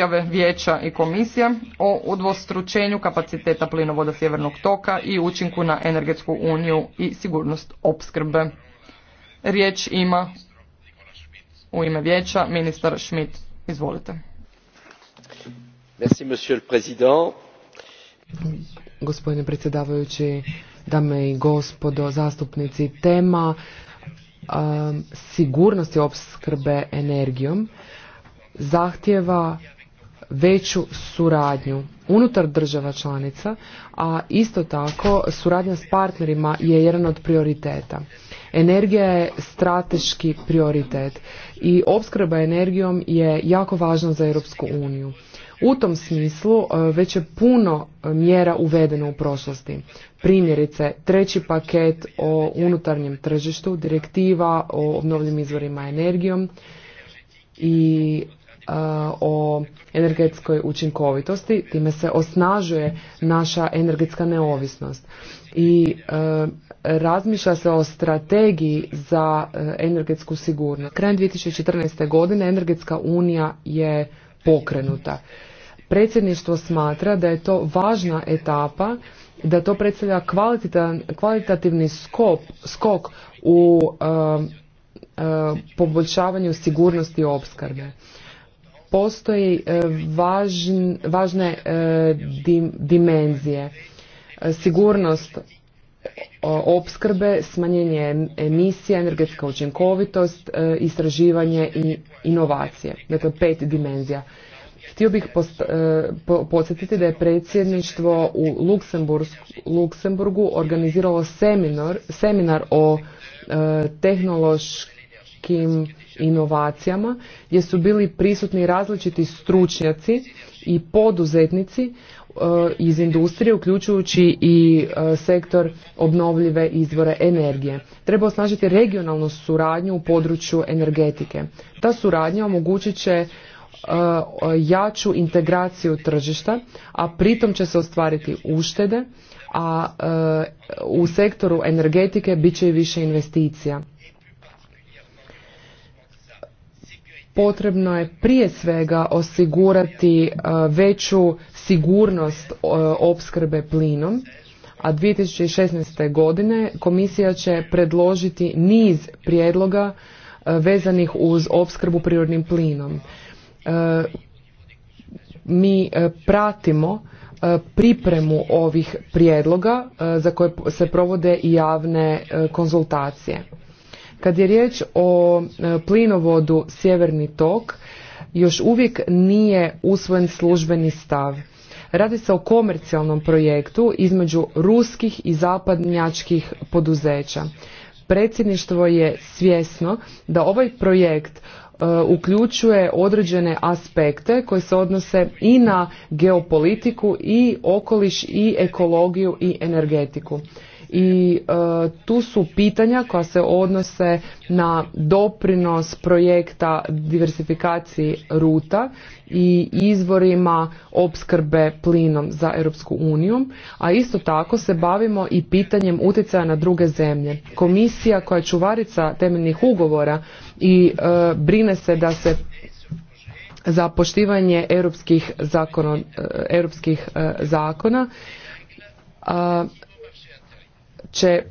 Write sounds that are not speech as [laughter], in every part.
izjave Vijeća i Komisije o udvostručenju kapaciteta plinovoda Sjevernog toka i učinku na energetsku uniju i sigurnost opskrbe. Riječ ima u ime Vijeća ministar Schmidt. Izvolite. Merci, Gospodine predsjedavajući, dame i gospodo, zastupnici, tema sigurnosti opskrbe energijom zahtjeva veću suradnju unutar država članica, a isto tako suradnja s partnerima je jedan od prioriteta. Energija je strateški prioritet i opskrba energijom je jako važna za Europsku uniju. U tom smislu e, već je puno e, mjera uvedeno u prošlosti. Primjerice, treći paket o unutarnjem tržištu, direktiva o obnovljivim izvorima energijom i E, o energetskoj učinkovitosti, time se osnažuje naša energetska neovisnost i e, razmišlja se o strategiji za e, energetsku sigurnost. Krajem 2014. godine energetska unija je pokrenuta. Predsjedništvo smatra da je to važna etapa da to predstavlja kvalitativni skok u poboljšavanju sigurnosti opskrbe postoji e, važne e, dimenzije. Sigurnost e, opskrbe, smanjenje emisija, energetska učinkovitost, istraživanje i inovacije. Dakle, pet dimenzija. Htio bih podsjetiti da je predsjedništvo u Luksemburgu organiziralo seminar, seminar o tehnološkim inovacijama gdje su bili prisutni različiti stručnjaci i poduzetnici e, iz industrije, uključujući i e, sektor obnovljive izvore energije. Treba osnažiti regionalnu suradnju u području energetike. Ta suradnja omogućit će e, jaču integraciju tržišta, a pritom će se ostvariti uštede, a u sektoru energetike bit će i više investicija. potrebno je prije svega osigurati e, veću sigurnost e, opskrbe plinom, a 2016. godine komisija će predložiti niz prijedloga e, vezanih uz opskrbu prirodnim plinom. Mi pratimo pripremu ovih prijedloga za koje se provode i javne konzultacije. Kad je riječ o e, plinovodu Sjeverni tok, još uvijek nije usvojen službeni stav. Radi se o komercijalnom projektu između ruskih i zapadnjačkih poduzeća. Predsjedništvo je svjesno da ovaj projekt e, uključuje određene aspekte koji se odnose i na geopolitiku i okoliš i ekologiju i energetiku i e, tu su pitanja koja se odnose na doprinos projekta diversifikaciji ruta i izvorima opskrbe plinom za Europsku uniju, a isto tako se bavimo i pitanjem utjecaja na druge zemlje. Komisija koja je čuvarica temeljnih ugovora i e, brine se da se za poštivanje europskih, zakona, e, europskih zakona će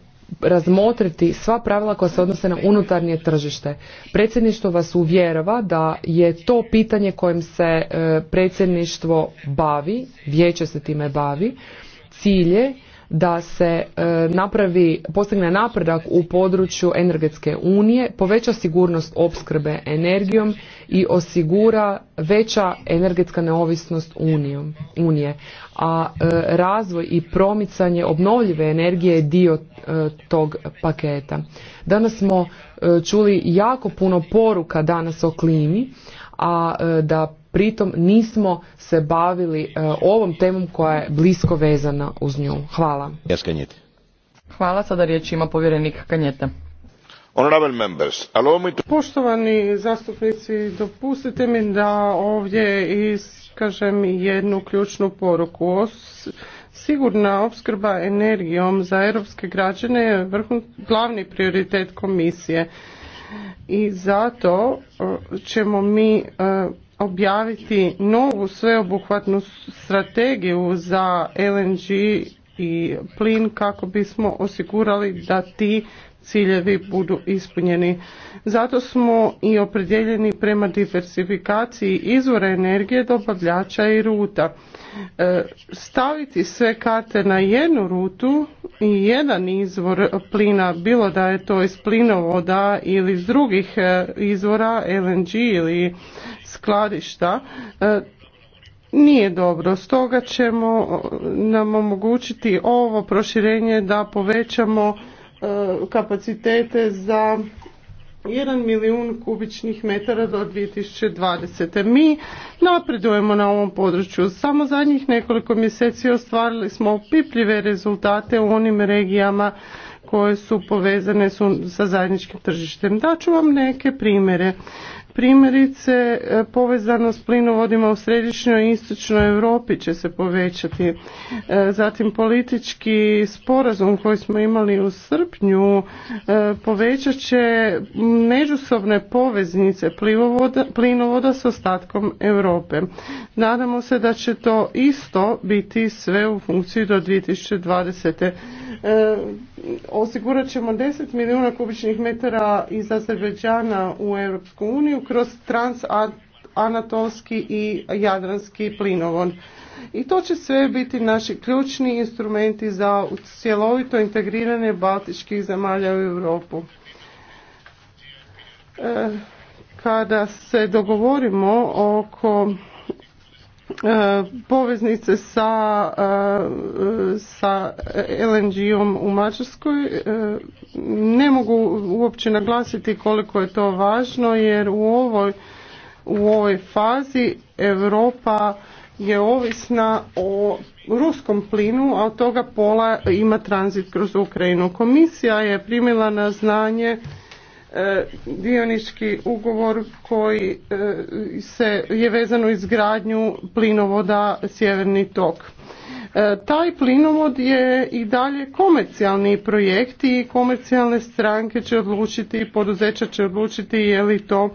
razmotriti sva pravila koja se odnose na unutarnje tržište. Predsjedništvo vas uvjerava da je to pitanje kojim se e, predsjedništvo bavi, vijeće se time bavi, cilj je da se e, napravi, postigne napredak u području energetske unije, poveća sigurnost opskrbe energijom i osigura veća energetska neovisnost unije. A e, razvoj i promicanje obnovljive energije je dio e, tog paketa. Danas smo čuli jako puno poruka danas o klimi, a da pritom nismo se bavili e, ovom temom koja je blisko vezana uz nju. Hvala. Hvala, sada riječ ima povjerenik Kanjeta. Poštovani zastupnici, dopustite mi da ovdje iskažem jednu ključnu poruku. Sigurna opskrba energijom za europske građane je glavni prioritet komisije i zato e, ćemo mi e, objaviti novu sveobuhvatnu strategiju za LNG i plin kako bismo osigurali da ti ciljevi budu ispunjeni. Zato smo i opredjeljeni prema diversifikaciji izvora energije, dobavljača i ruta. E, staviti sve karte na jednu rutu jedan izvor plina, bilo da je to iz plinovoda ili iz drugih e, izvora LNG ili skladišta, e, nije dobro. Stoga ćemo nam omogućiti ovo proširenje da povećamo e, kapacitete za 1 milijun kubičnih metara do 2020. Mi napredujemo na ovom području. Samo zadnjih nekoliko mjeseci ostvarili smo pipljive rezultate u onim regijama koje su povezane su sa zajedničkim tržištem. Daću vam neke primjere. Primjerice, e, povezanost plinovodima u središnjoj i istočnoj Europi će se povećati. E, zatim politički sporazum koji smo imali u srpnju e, povećat će međusobne poveznice plinovoda s ostatkom Europe. Nadamo se da će to isto biti sve u funkciji do 2020. E, osigurat ćemo 10 milijuna kubičnih metara iz Azerbeđana u Europsku uniju kroz transanatolski i jadranski plinovod. I to će sve biti naši ključni instrumenti za cjelovito integriranje baltičkih zemalja u Europu. E, kada se dogovorimo oko E, poveznice sa, e, sa LNG-om u Mađarskoj. E, ne mogu uopće naglasiti koliko je to važno jer u ovoj, u ovoj fazi Europa je ovisna o ruskom plinu, a od toga pola ima tranzit kroz Ukrajinu. Komisija je primila na znanje E, dionički ugovor koji e, se je vezan u izgradnju plinovoda Sjeverni tok. E, taj plinovod je i dalje komercijalni projekt i komercijalne stranke će odlučiti, poduzeća će odlučiti je li to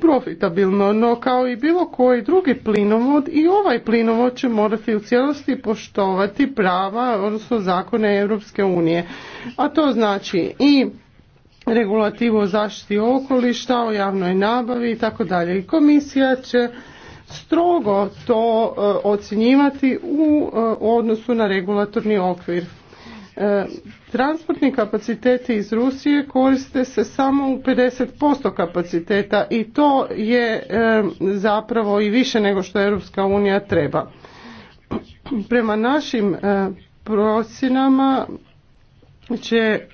profitabilno, no kao i bilo koji drugi plinovod i ovaj plinovod će morati u cijelosti poštovati prava, odnosno zakone Europske unije. A to znači i regulativu o zaštiti okoliša, o javnoj nabavi i tako dalje. I komisija će strogo to e, ocjenjivati e, u odnosu na regulatorni okvir. E, transportni kapaciteti iz Rusije koriste se samo u 50% kapaciteta i to je zapravo i više nego što Europska unija treba. Prema našim procjenama će e,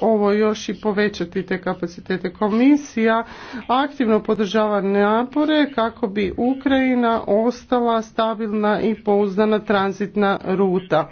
ovo još i povećati te kapacitete. Komisija aktivno podržava napore kako bi Ukrajina ostala stabilna i pouzdana tranzitna ruta.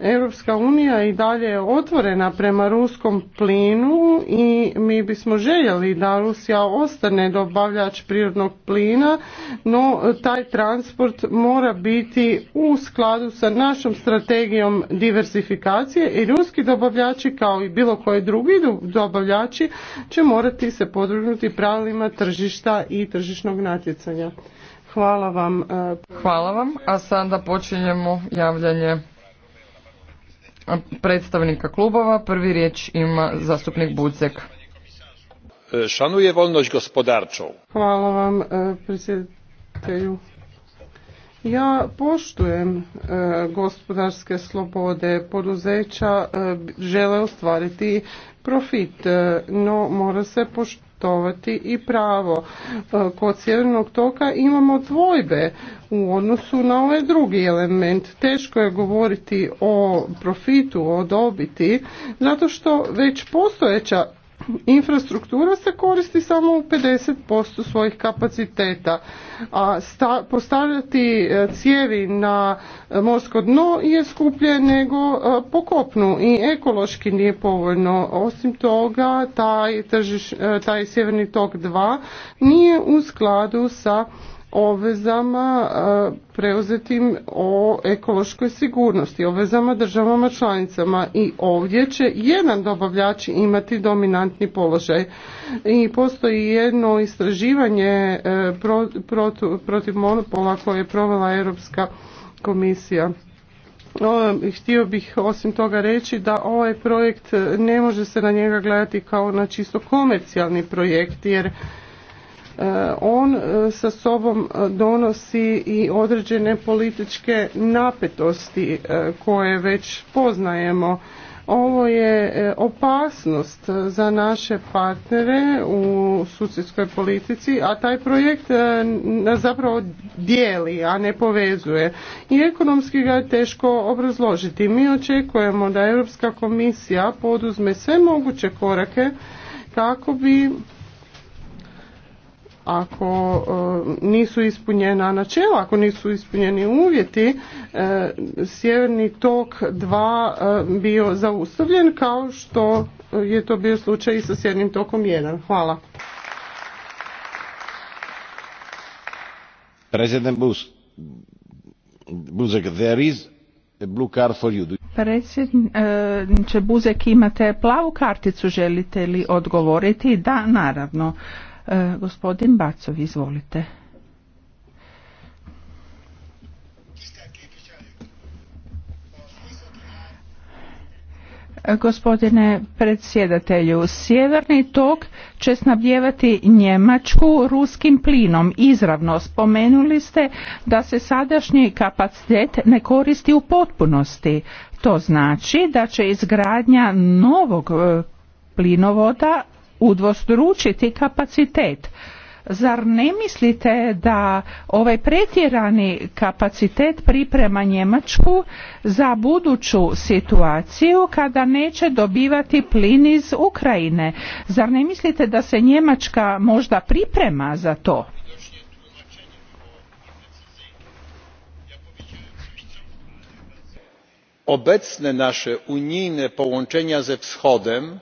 Europska unija i dalje je otvorena prema ruskom plinu i mi bismo željeli da Rusija ostane dobavljač prirodnog plina, no taj transport mora biti u skladu sa našom strategijom diversifikacije i ruski dobavljači kao i bilo koji drugi dobavljači će morati se podvrgnuti pravilima tržišta i tržišnog natjecanja. Hvala vam. E, Hvala vam, a sada počinjemo javljanje predstavnika klubova. Prvi riječ ima zastupnik Bucek. E, šanuje volnoć gospodarčov. Hvala vam, e, predsjedatelju. Ja poštujem e, gospodarske slobode poduzeća, žele ostvariti profit, no mora se poštovati poštovati i pravo. E, kod sjevernog toka imamo dvojbe u odnosu na ovaj drugi element. Teško je govoriti o profitu, o dobiti, zato što već postojeća infrastruktura se koristi samo u 50% svojih kapaciteta, a sta, postavljati e, cijevi na e, morsko dno je skuplje nego e, po kopnu i ekološki nije povoljno. Osim toga, taj, taj sjeverni tok 2 nije u skladu sa obvezama preuzetim o ekološkoj sigurnosti, obvezama državama članicama i ovdje će jedan dobavljač imati dominantni položaj. I postoji jedno istraživanje e, protiv monopola koje je provela Europska komisija. E, htio bih osim toga reći da ovaj projekt ne može se na njega gledati kao na čisto komercijalni projekt jer E, on e, sa sobom e, donosi i određene političke napetosti koje već poznajemo. Ovo je opasnost za naše partnere u susjedskoj politici, a taj projekt nas zapravo dijeli, a ne povezuje. I ekonomski ga je teško obrazložiti. Mi očekujemo da Europska komisija poduzme sve moguće korake kako bi ako e, nisu ispunjena načela, ako nisu ispunjeni uvjeti, e, sjeverni tok 2 e, bio zaustavljen kao što je to bio slučaj i sa sjevernim tokom 1. Hvala. President Bus, Buzek, there is a blue card for you. Predsjedniče Buzek, imate plavu karticu, želite li odgovoriti? Da, naravno. E, gospodin Bacov, izvolite. E, gospodine predsjedatelju, sjeverni tok će snabljevati Njemačku ruskim plinom. Izravno spomenuli ste da se sadašnji kapacitet ne koristi u potpunosti. To znači da će izgradnja novog e, plinovoda udvostručiti kapacitet. Zar ne mislite da ovaj pretjerani kapacitet priprema Njemačku za buduću situaciju kada neće dobivati plin iz Ukrajine? Zar ne mislite da se Njemačka možda priprema za to? Obecne naše unijne połączenia ze wschodem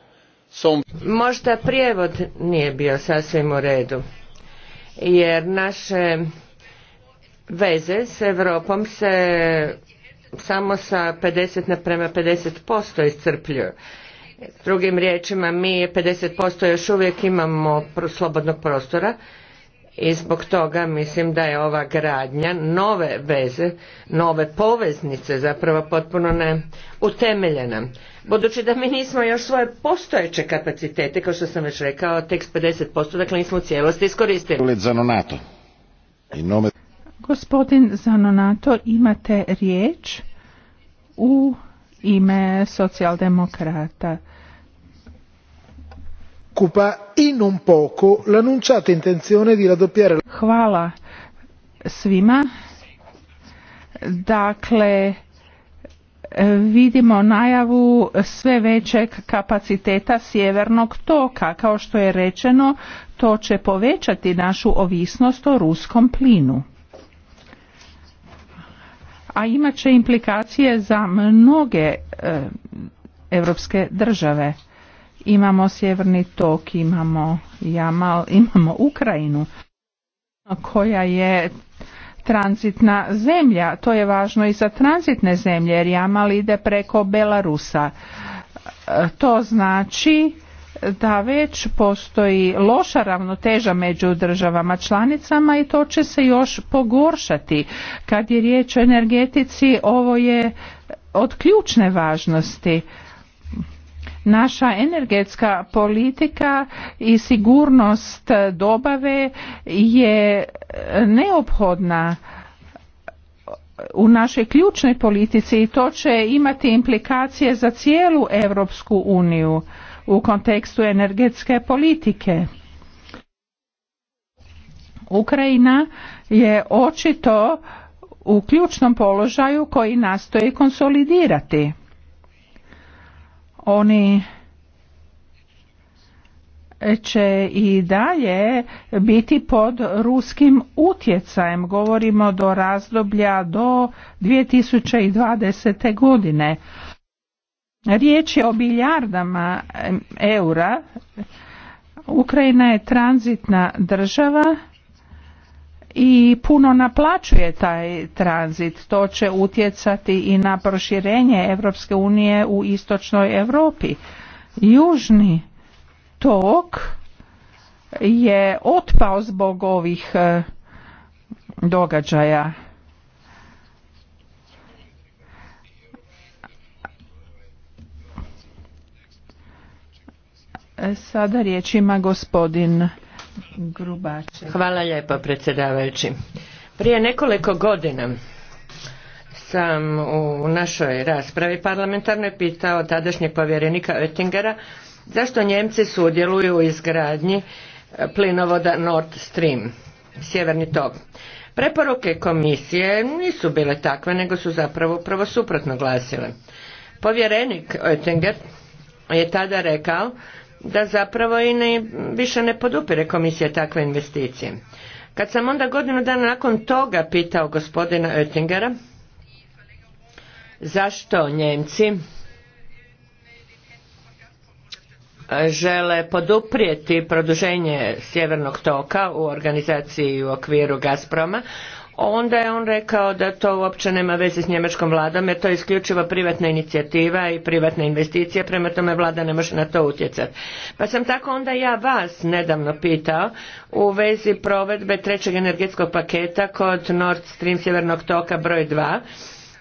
Možda prijevod nije bio sasvim u redu, jer naše veze s Europom se samo sa 50 naprema 50% iscrpljuju. Drugim riječima, mi 50% još uvijek imamo slobodnog prostora i zbog toga mislim da je ova gradnja nove veze, nove poveznice zapravo potpuno neutemeljena budući da mi nismo još svoje postojeće kapacitete, kao što sam već rekao, tek 50%, dakle nismo u cijelosti iskoristili. Zanonato. Gospodin Zanonato, imate riječ u ime socijaldemokrata. Kupa in un poco l'annunciata intenzione di raddoppiare... Hvala svima. Dakle, vidimo najavu sve većeg kapaciteta sjevernog toka. Kao što je rečeno, to će povećati našu ovisnost o ruskom plinu. A imat će implikacije za mnoge europske države. Imamo sjeverni tok, imamo Jamal, [laughs] imamo Ukrajinu koja je tranzitna zemlja. To je važno i za tranzitne zemlje jer Jamal ide preko Belarusa. E, to znači da već postoji loša ravnoteža među državama članicama i to će se još pogoršati. Kad je riječ o energetici, ovo je od ključne važnosti. Naša energetska politika i sigurnost dobave je neophodna u našoj ključnoj politici i to će imati implikacije za cijelu Europsku uniju u kontekstu energetske politike. Ukrajina je očito u ključnom položaju koji nastoji konsolidirati. Oni će i dalje biti pod ruskim utjecajem. Govorimo do razdoblja do 2020. godine. Riječ je o biljardama eura. Ukrajina je tranzitna država i puno naplaćuje taj tranzit. To će utjecati i na proširenje Europske unije u istočnoj Europi. Južni tok je otpao zbog ovih e, događaja. E, sada riječ ima gospodin Hvala lijepo predsjedavajući. Prije nekoliko godina sam u našoj raspravi parlamentarnoj pitao tadašnjeg povjerenika Oettingera zašto Njemci sudjeluju u izgradnji e, plinovoda Nord Stream, sjeverni tok. Preporuke komisije nisu bile takve, nego su zapravo upravo suprotno glasile. Povjerenik Oettinger je tada rekao da zapravo i ne, više ne podupire komisija takve investicije. Kad sam onda godinu dana nakon toga pitao gospodina Oettingera zašto Njemci e, žele poduprijeti produženje sjevernog toka u organizaciji u okviru Gazproma onda je on rekao da to uopće nema veze s njemačkom vladom jer to je isključivo privatna inicijativa i privatna investicija, prema tome vlada ne može na to utjecati. Pa sam tako onda ja vas nedavno pitao u vezi provedbe trećeg energetskog paketa kod Nord Stream Sjevernog toka broj 2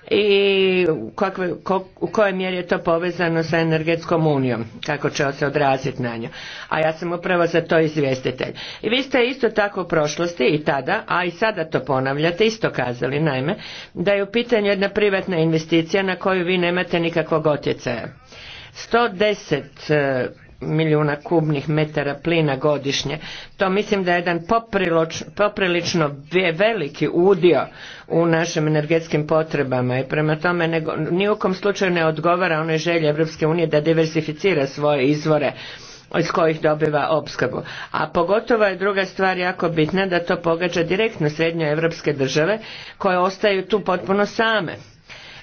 i kakve, u kojoj mjeri je to povezano sa energetskom unijom, kako će se odraziti na nju. A ja sam upravo za to izvjestitelj. I vi ste isto tako u prošlosti i tada, a i sada to ponavljate, isto kazali, naime, da je u pitanju jedna privatna investicija na koju vi nemate nikakvog otjecaja. 110 milijuna kubnih metara plina godišnje. To mislim da je jedan poprilično veliki udio u našim energetskim potrebama i prema tome nego, ni slučaju ne odgovara onoj želji Europske unije da diversificira svoje izvore iz kojih dobiva opskrbu. A pogotovo je druga stvar jako bitna da to pogađa direktno srednje europske države koje ostaju tu potpuno same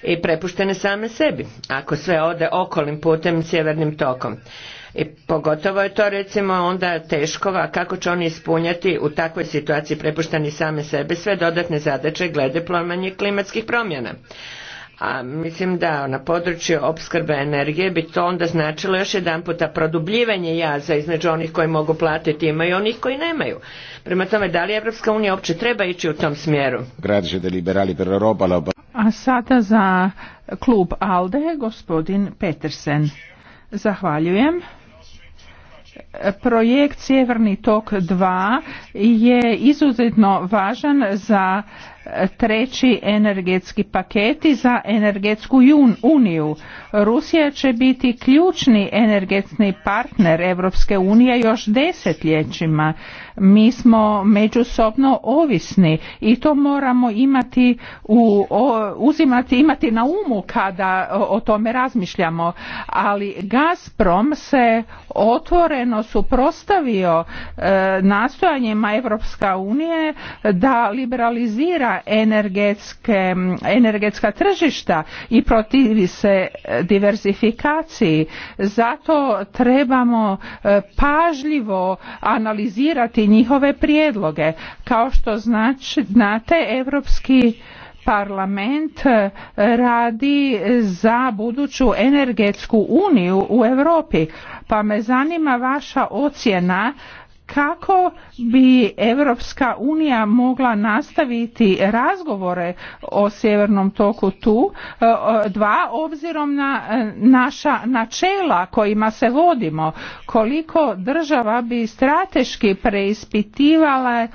i prepuštene same sebi ako sve ode okolim putem sjevernim tokom. I pogotovo je to recimo onda teško, a kako će oni ispunjati u takvoj situaciji prepušteni same sebi sve dodatne zadaće glede plomanje klimatskih promjena. A mislim da na području opskrbe energije bi to onda značilo još jedan puta produbljivanje jaza između onih koji mogu platiti ima i onih koji nemaju. Prema tome, da li Evropska unija uopće treba ići u tom smjeru? A sada za klub ALDE gospodin Petersen. Zahvaljujem projekt Sjeverni tok 2 je izuzetno važan za treći energetski paketi za energetsku uniju. Rusija će biti ključni energetski partner Europske unije još desetljećima. Mi smo međusobno ovisni i to moramo imati u, uzimati, imati na umu kada o tome razmišljamo. Ali Gazprom se otvoreno suprostavio e, nastojanjima Europska unije da liberalizira energetska tržišta i protivi se diversifikaciji. Zato trebamo e, pažljivo analizirati njihove prijedloge. Kao što znači, znate, Europski parlament e, radi za buduću energetsku uniju u Europi pa me zanima vaša ocjena kako bi Europska unija mogla nastaviti razgovore o sjevernom toku tu e, dva obzirom na e, naša načela kojima se vodimo koliko država bi strateški preispitivala e,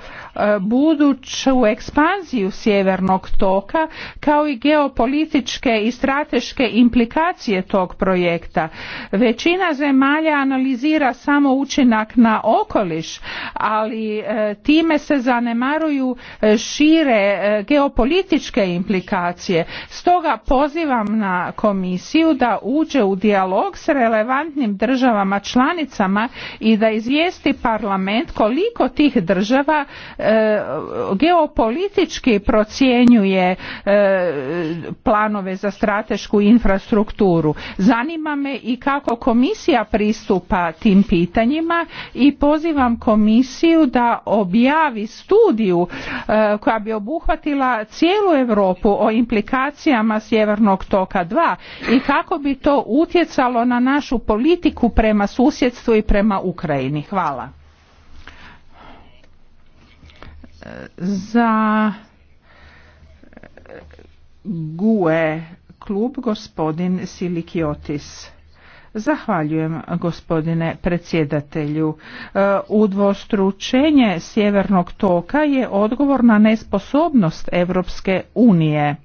buduću ekspanziju sjevernog toka kao i geopolitičke i strateške implikacije tog projekta većina zemalja analizira samo učinak na okoliš okoliš ali e, time se zanemaruju e, šire e, geopolitičke implikacije stoga pozivam na komisiju da uđe u dijalog s relevantnim državama članicama i da izvijesti parlament koliko tih država geopolitički procjenjuje planove za stratešku infrastrukturu. Zanima me i kako komisija pristupa tim pitanjima i pozivam komisiju da objavi studiju e, koja bi obuhvatila cijelu Europu o implikacijama Sjevernog toka 2 i kako bi to utjecalo na našu politiku prema susjedstvu i prema Ukrajini. Hvala. Za GUE e klub gospodin Silikiotis. Zahvaljujem gospodine predsjedatelju. E, udvostručenje sjevernog toka je odgovor na nesposobnost Europske unije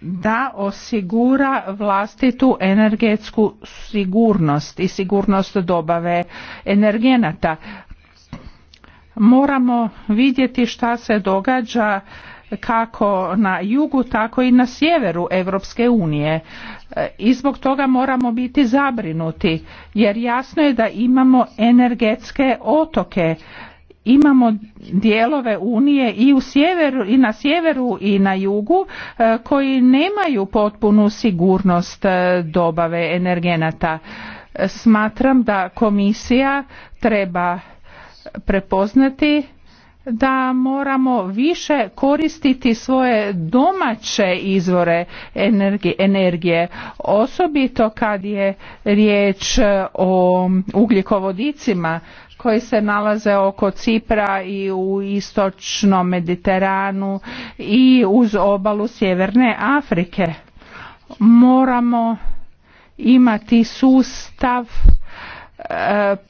da osigura vlastitu energetsku sigurnost i sigurnost dobave energenata. Moramo vidjeti šta se događa kako na jugu tako i na sjeveru Europske unije e, i zbog toga moramo biti zabrinuti jer jasno je da imamo energetske otoke imamo dijelove unije i u sjeveru i na sjeveru i na jugu e, koji nemaju potpunu sigurnost e, dobave energenata smatram da komisija treba prepoznati da moramo više koristiti svoje domaće izvore energije, osobito kad je riječ e, o ugljikovodicima koji se nalaze oko Cipra i u istočnom Mediteranu i uz obalu Sjeverne Afrike. Moramo imati sustav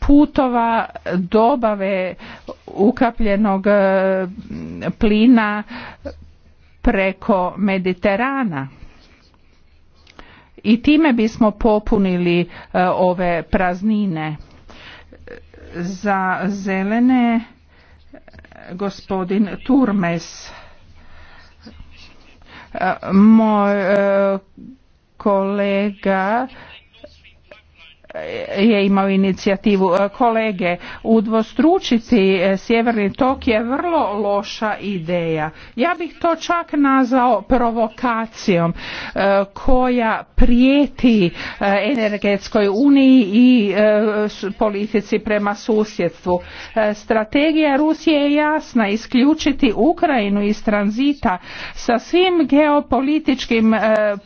putova dobave ukapljenog e, plina preko Mediterana i time bismo popunili e, ove praznine za zelene e, gospodin Turmes moj kolega je imao inicijativu e, kolege udvostručiti e, sjeverni tok je vrlo loša ideja ja bih to čak nazvao provokacijom e, koja prijeti energetskoj uniji i politici prema susjedstvu strategija Rusije je jasna isključiti Ukrajinu iz tranzita sa svim geopolitičkim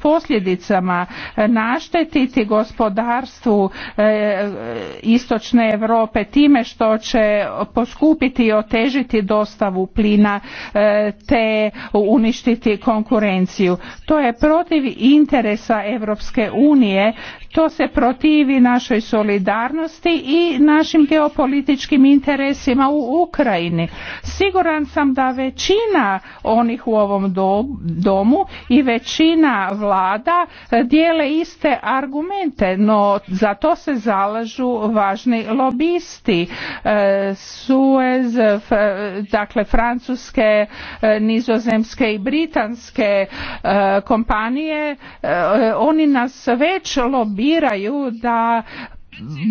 posljedicama naštetiti gospodarstvu E, istočne Europe time što će poskupiti i otežiti dostavu plina e, te uništiti konkurenciju. To je protiv interesa Europske unije, to se protivi našoj solidarnosti i našim geopolitičkim interesima u Ukrajini. Siguran sam da većina onih u ovom domu i većina vlada dijele iste argumente, no za to se zalažu važni lobisti e, Suez, dakle francuske, e, nizozemske i britanske e, kompanije, oni nas već lobiraju da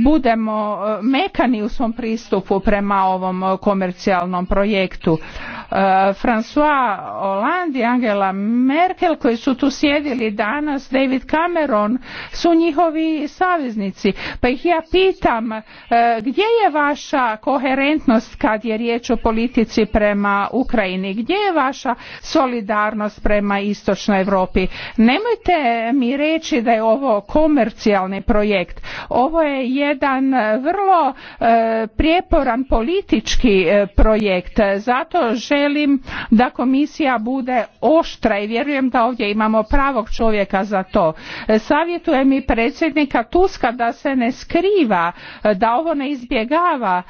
budemo e, mekani u svom pristupu prema ovom e, komercijalnom projektu. E, François Hollande i Angela Merkel koji su tu sjedili danas, David Cameron su njihovi saveznici. Pa ih ja pitam gdje je vaša koherentnost kad je riječ o politici prema Ukrajini? Gdje je vaša solidarnost prema istočnoj Europi? Nemojte mi reći da je ovo komercijalni projekt. Ovo je je jedan e, vrlo e, prijeporan politički e, projekt. Zato želim da komisija bude oštra i vjerujem da ovdje imamo pravog čovjeka za to. Savjetujem i predsjednika Tuska da se ne skriva, da ovo ne izbjegava.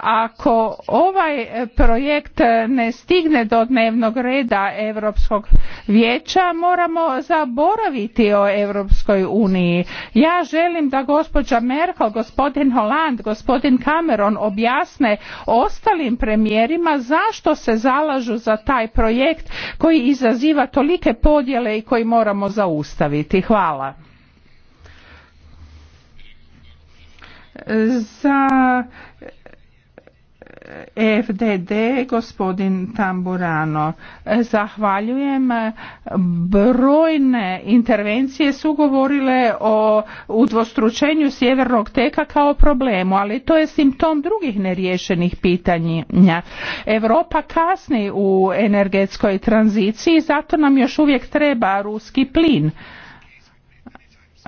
Ako ovaj projekt ne stigne do dnevnog reda Europskog vijeća, moramo zaboraviti o Europskoj uniji. Ja želim da gospođa Merkel, gospodin Holland, gospodin Cameron objasne ostalim premijerima zašto se zalažu za taj projekt koji izaziva tolike podjele i koji moramo zaustaviti. Hvala. Za FDD gospodin Tamburano. Zahvaljujem. Brojne intervencije su govorile o udvostručenju sjevernog teka kao problemu, ali to je simptom drugih neriješenih pitanja. Europa kasni u energetskoj tranziciji, zato nam još uvijek treba ruski plin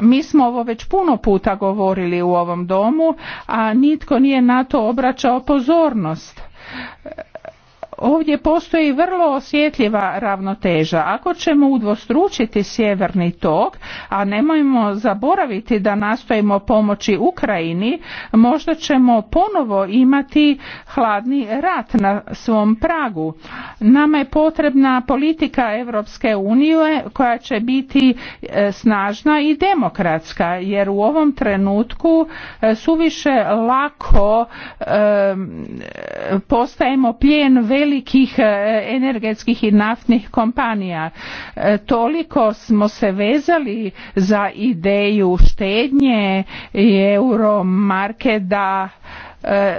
mi smo ovo već puno puta govorili u ovom domu, a nitko nije na to obraćao pozornost Ovdje postoji vrlo osjetljiva ravnoteža. Ako ćemo udvostručiti sjeverni tok, a nemojmo zaboraviti da nastojimo pomoći Ukrajini, možda ćemo ponovo imati hladni rat na svom pragu. Nama je potrebna politika Europske unije koja će biti e, snažna i demokratska, jer u ovom trenutku e, suviše lako e, postajemo plijen velike velikih e, energetskih i naftnih kompanija. E, toliko smo se vezali za ideju štednje i euromarke da e,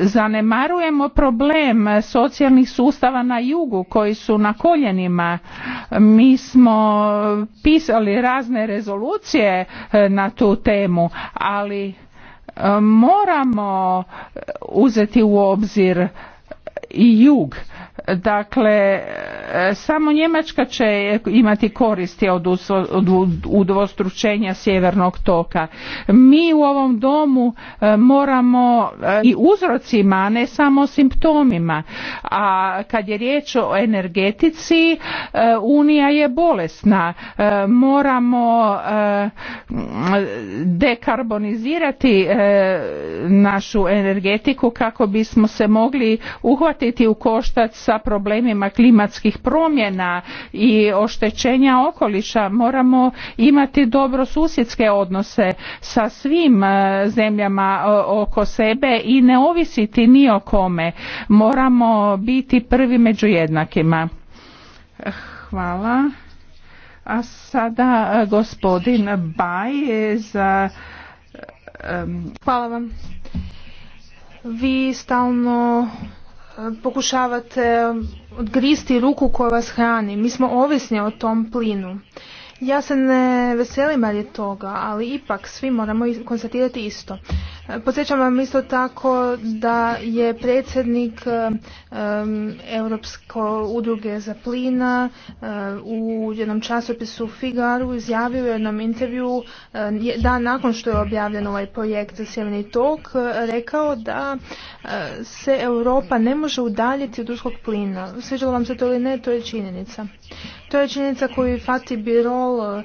zanemarujemo problem socijalnih sustava na jugu koji su na koljenima mi smo pisali razne rezolucije na tu temu ali moramo uzeti u obzir i jug Dakle, samo Njemačka će imati koristi od udvostručenja sjevernog toka. Mi u ovom domu e, moramo e, i uzrocima, a ne samo simptomima. A kad je riječ o energetici, e, Unija je bolesna. Moramo dekarbonizirati našu energetiku kako bismo se mogli uhvatiti u koštac sa problemima klimatskih promjena i oštećenja okoliša moramo imati dobro susjedske odnose sa svim e, zemljama e, oko sebe i ne ovisiti ni o kome moramo biti prvi među jednakima hvala a sada e, gospodin Baj za Hvala vam. Vi stalno pokušavate eh, odgristi ruku koja vas hrani. Mi smo ovisni o tom plinu. Ja se ne veselim ali toga, ali ipak svi moramo konstatirati isto. E, podsjećam vam isto tako da je predsjednik e, Europske udruge za plina e, u jednom časopisu Figaru izjavio u jednom intervju da nakon što je objavljen ovaj projekt za tok rekao da se Europa ne može udaljiti od ruskog plina. Sviđalo vam se to ili ne, to je činjenica. To je činjenica koju Fati Birol e,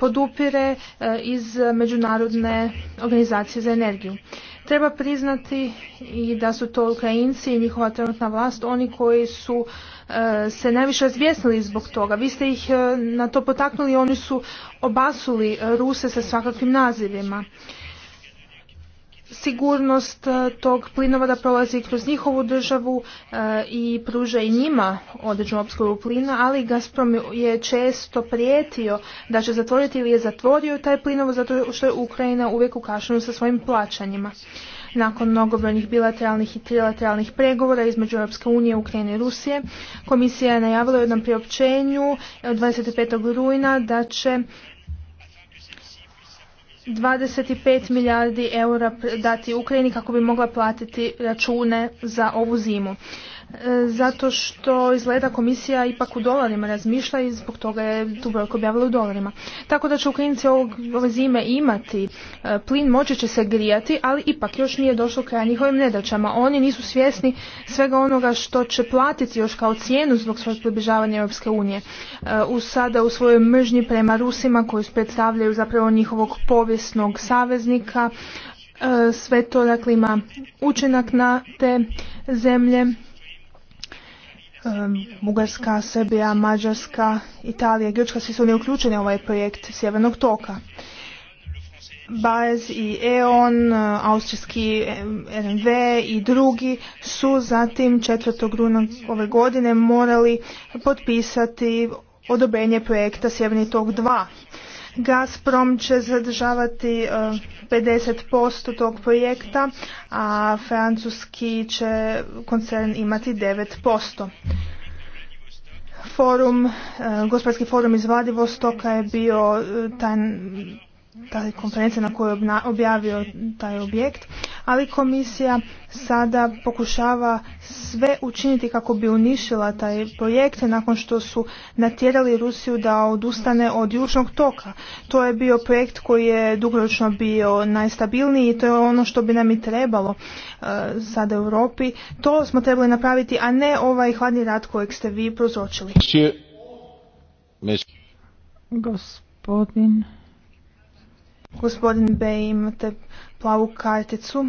podupire e, iz Međunarodne organizacije za energiju. Treba priznati i da su to Ukrajinci i njihova trenutna vlast oni koji su e, se najviše razvjesnili zbog toga. Vi ste ih na to potaknuli i oni su obasuli Ruse sa svakakvim nazivima sigurnost eh, tog plinova da prolazi kroz njihovu državu eh, i pruža i njima određenu opskrbu plina, ali Gazprom je često prijetio da će zatvoriti ili je zatvorio taj plinovod zato što je Ukrajina uvijek u sa svojim plaćanjima. Nakon mnogobrojnih bilateralnih i trilateralnih pregovora između Europske unije, Ukrajine i Rusije, komisija je najavila u jednom priopćenju 25. rujna da će 25 milijardi eura dati Ukrajini kako bi mogla platiti račune za ovu zimu. E, zato što izgleda komisija ipak u dolarima razmišlja i zbog toga je tu brojku objavila u dolarima. Tako da će Ukrajinci ove zime imati e, plin, moći će se grijati, ali ipak još nije došlo kraja njihovim nedaćama. Oni nisu svjesni svega onoga što će platiti još kao cijenu zbog svog približavanja Europske unije. E, u sada u svojoj mržnji prema Rusima koji predstavljaju zapravo njihovog povijesnog saveznika, sve to dakle ima učinak na te zemlje Bugarska, Srbija, Mađarska, Italija, Grčka, svi su oni uključeni u ovaj projekt Sjevernog toka. Baez i E.ON, austrijski RNV e i drugi su zatim 4. rujna ove godine morali potpisati odobrenje projekta Sjeverni tok 2 Gazprom će zadržavati 50% e, tog projekta, a francuski će koncern imati 9%. Forum, e, gospodarski forum iz Vladivostoka je bio e, taj ta konferencija na kojoj je objavio taj objekt, ali komisija sada pokušava sve učiniti kako bi unišila taj projekt nakon što su natjerali Rusiju da odustane od južnog toka. To je bio projekt koji je dugoročno bio najstabilniji i to je ono što bi nam i trebalo e, sada u Europi. To smo trebali napraviti, a ne ovaj hladni rat kojeg ste vi prozročili. Gospodin Gospodin B, imate plavu karticu.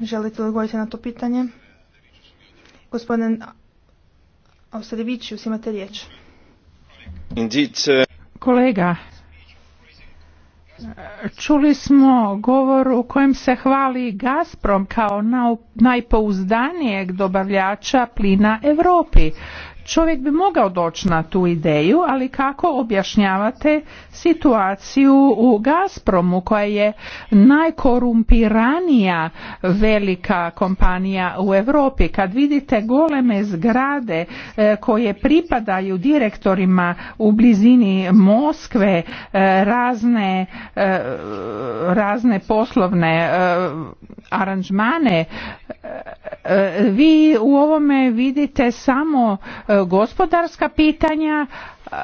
Želite li govoriti na to pitanje? Gospodin Austrijevićius, imate riječ. Uh, Kolega, čuli smo govor u kojem se hvali Gazprom kao najpouzdanijeg dobavljača plina Evropi. Čovjek bi mogao doći na tu ideju, ali kako objašnjavate situaciju u Gazpromu koja je najkorumpiranija velika kompanija u Europi? Kad vidite goleme zgrade e, koje pripadaju direktorima u blizini Moskve, e, razne, e, razne poslovne aranžmane e, vi u ovome vidite samo e, gospodarska pitanja e,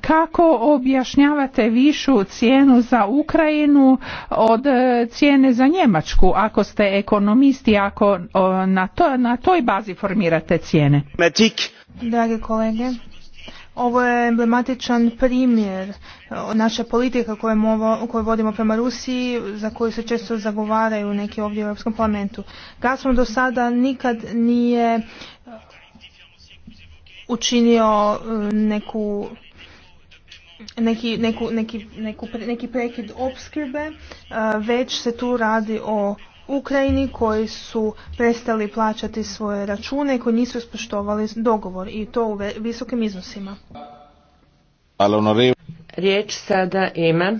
kako objašnjavate višu cijenu za Ukrajinu od cijene za Njemačku ako ste ekonomisti ako na, to, toj bazi formirate cijene kolege ovo je emblematičan primjer e, naše politike koju, vodimo prema Rusiji, za koju se često zagovaraju neki ovdje u Europskom parlamentu. Gazprom do sada nikad nije e, učinio e, neku neki, neku, neki, neku, neki prekid opskrbe, već se tu radi o Ukrajini koji su prestali plaćati svoje račune i koji nisu ispoštovali dogovor i to u visokim iznosima. Riječ sada ima